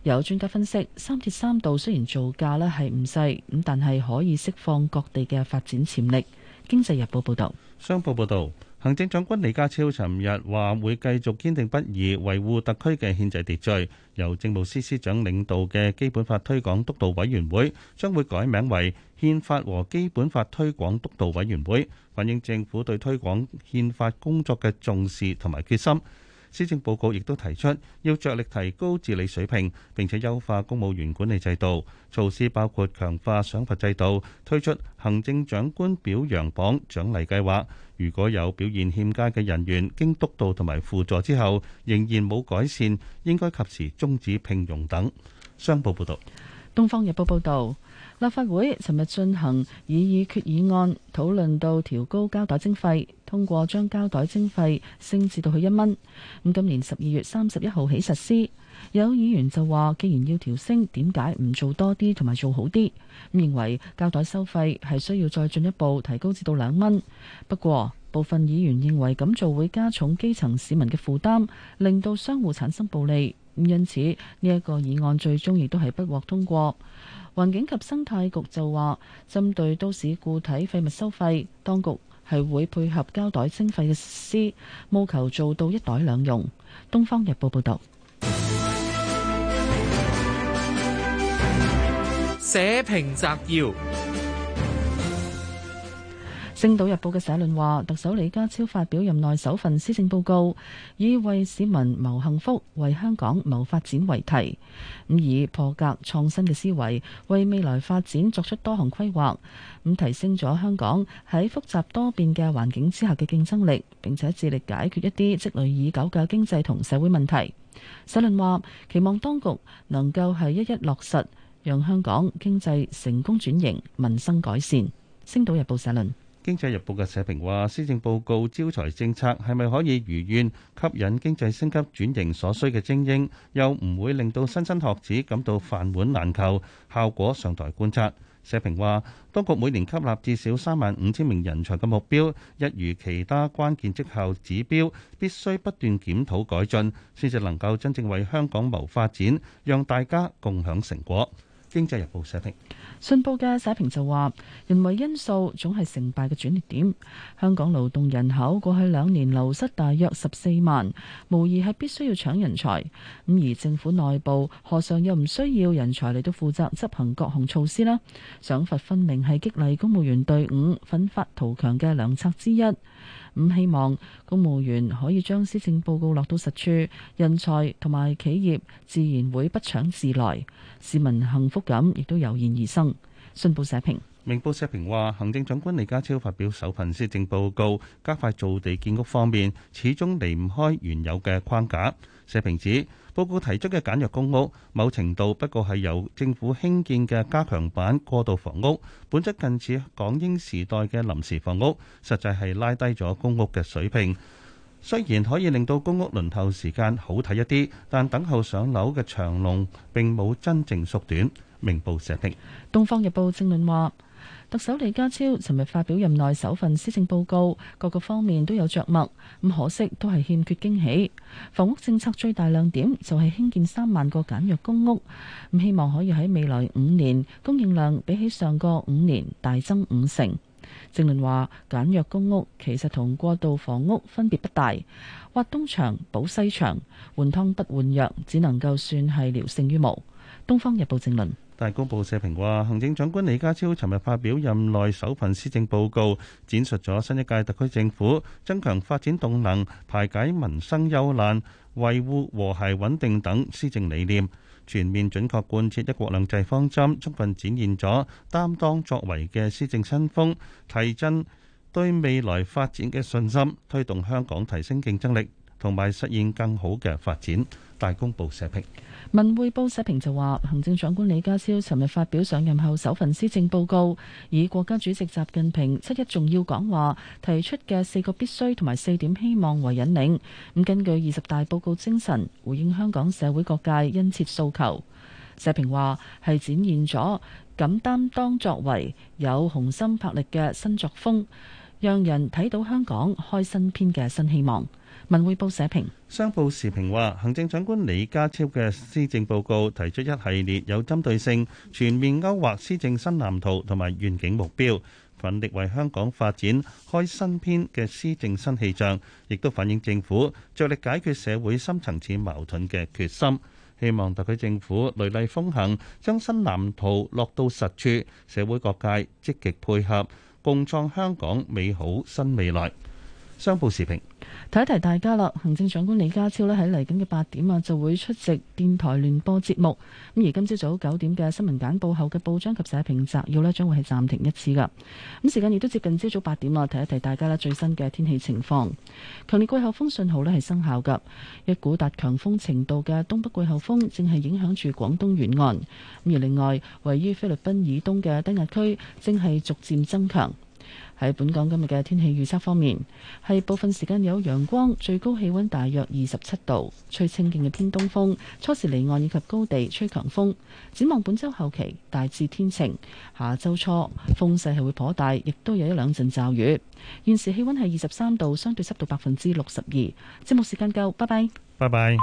C: 有專家分析，三鐵三道雖然造價咧係唔細，咁但係可以釋放各地嘅發展潛力。經濟日報報道，
D: 商報報道，行政長官李家超尋日話會繼續堅定不移維護特區嘅憲制秩序。由政務司司長領導嘅基本法推廣督導委員會將會改名為憲法和基本法推廣督導委員會，反映政府對推廣憲法工作嘅重視同埋決心。施政報告亦都提出要着力提高治理水平，並且優化公務員管理制度。措施包括強化賞罰制度，推出行政長官表揚榜獎勵計劃。如果有表現欠佳嘅人員，經督導同埋輔助之後仍然冇改善，應該及時終止聘用等。商報報,報報導，
C: 《東方日報》報道。立法會尋日進行議議決議案，討論到調高膠袋徵費，通過將膠袋徵費升至到去一蚊。咁今年十二月三十一號起實施。有議員就話：既然要調升，點解唔做多啲同埋做好啲？咁認為膠袋收費係需要再進一步提高至到兩蚊。不過部分議員認為咁做會加重基層市民嘅負擔，令到商戶產生暴利。因此呢一個議案最終亦都係不獲通過。環境及生態局就話，針對都市固體廢物收費，當局係會配合膠袋徵費嘅實施，務求做到一袋兩用。東方日報報道。
H: 社評摘要。
C: 《星島日報》嘅社論話，特首李家超發表任內首份施政報告，以為市民謀幸福、為香港謀發展為題，咁以破格創新嘅思維為未來發展作出多項規劃，咁提升咗香港喺複雜多變嘅環境之下嘅競爭力，並且致力解決一啲積累已久嘅經濟同社會問題。社論話，期望當局能夠係一一落實，讓香港經濟成功轉型，民生改善。《星島日報》社論。
D: 《經濟日報》嘅社評話，施政報告招才政策係咪可以如願吸引經濟升級轉型所需嘅精英，又唔會令到新生學子感到飯碗難求？效果尚待觀察。社評話，當局每年吸納至少三萬五千名人才嘅目標，一如其他關鍵績效指標，必須不斷檢討改進，先至能夠真正為香港謀發展，讓大家共享成果。《經濟日報》社評。
C: 信報嘅社評就話：，人為因素總係成敗嘅轉捩點。香港勞動人口過去兩年流失大約十四萬，無疑係必須要搶人才。咁而政府內部何嘗又唔需要人才嚟到負責執行各項措施啦？賞罰分明係激勵公務員隊伍奮發圖強嘅良策之一。唔希望公務員可以將施政報告落到實處，人才同埋企業自然會不請自來，市民幸福感亦都油然而生。信報社評，
D: 明報社評話，行政長官李家超發表首份施政報告，加快造地建屋方面，始終離唔開原有嘅框架。社評指，報告提出嘅簡約公屋，某程度不過係由政府興建嘅加強版過渡房屋，本質近似港英時代嘅臨時房屋，實際係拉低咗公屋嘅水平。雖然可以令到公屋輪候時間好睇一啲，但等候上樓嘅長龍並冇真正縮短。明報社評，
C: 《東方日報》正論話。特首李家超尋日發表任內首份施政報告，各個方面都有着墨，咁可惜都係欠缺驚喜。房屋政策最大亮點就係興建三萬個簡約公屋，咁希望可以喺未來五年供應量比起上個五年大增五成。正論話簡約公屋其實同過渡房屋分別不大，挖東牆補西牆，換湯不換藥，只能夠算係聊勝於無。《東方日報》正論。
D: 大公報社評話，行政長官李家超尋日發表任內首份施政報告，展述咗新一屆特區政府增強發展動能、排解民生憂難、維護和諧穩定等施政理念，全面準確貫徹一國兩制方針，充分展現咗擔當作為嘅施政新風，提振對未來發展嘅信心，推動香港提升競爭力，同埋實現更好嘅發展。大公報社評。
C: 文匯報社評就話，行政長官李家超尋日發表上任後首份施政報告，以國家主席習近平七一重要講話提出嘅四個必須同埋四點希望為引領，咁根據二十大報告精神回應香港社會各界殷切訴求，社評話係展現咗敢擔當作為、有雄心魄力嘅新作風，讓人睇到香港開新篇嘅新希望。文匯報社評，
D: 商報時評話，行政長官李家超嘅施政報告提出一系列有針對性、全面勾畫施政新藍圖同埋願景目標，奮力為香港發展開新篇嘅施政新氣象，亦都反映政府着力解決社會深層次矛盾嘅決心。希望特區政府雷厲風行，將新藍圖落到實處，社會各界積極配合，共創香港美好新未來。商報時
C: 評，提一提大家啦。行政長官李家超呢喺嚟緊嘅八點啊，就會出席電台聯播節目。咁而今朝早九點嘅新聞簡報後嘅報章及社評摘要呢，將會係暫停一次㗎。咁時間亦都接近朝早八點啦，提一提大家啦，最新嘅天氣情況。強烈季候風信號呢係生效㗎，一股達強風程度嘅東北季候風正係影響住廣東沿岸。咁而另外，位於菲律賓以東嘅低壓區正係逐漸增強。喺本港今日嘅天氣預測方面，係部分時間有陽光，最高氣溫大約二十七度，吹清勁嘅偏東風。初時離岸以及高地吹強風。展望本周後期大致天晴，下周初風勢係會頗大，亦都有一兩陣驟雨。現時氣溫係二十三度，相對濕度百分之六十二。
Q: 節目時間夠，拜拜。
O: 拜拜。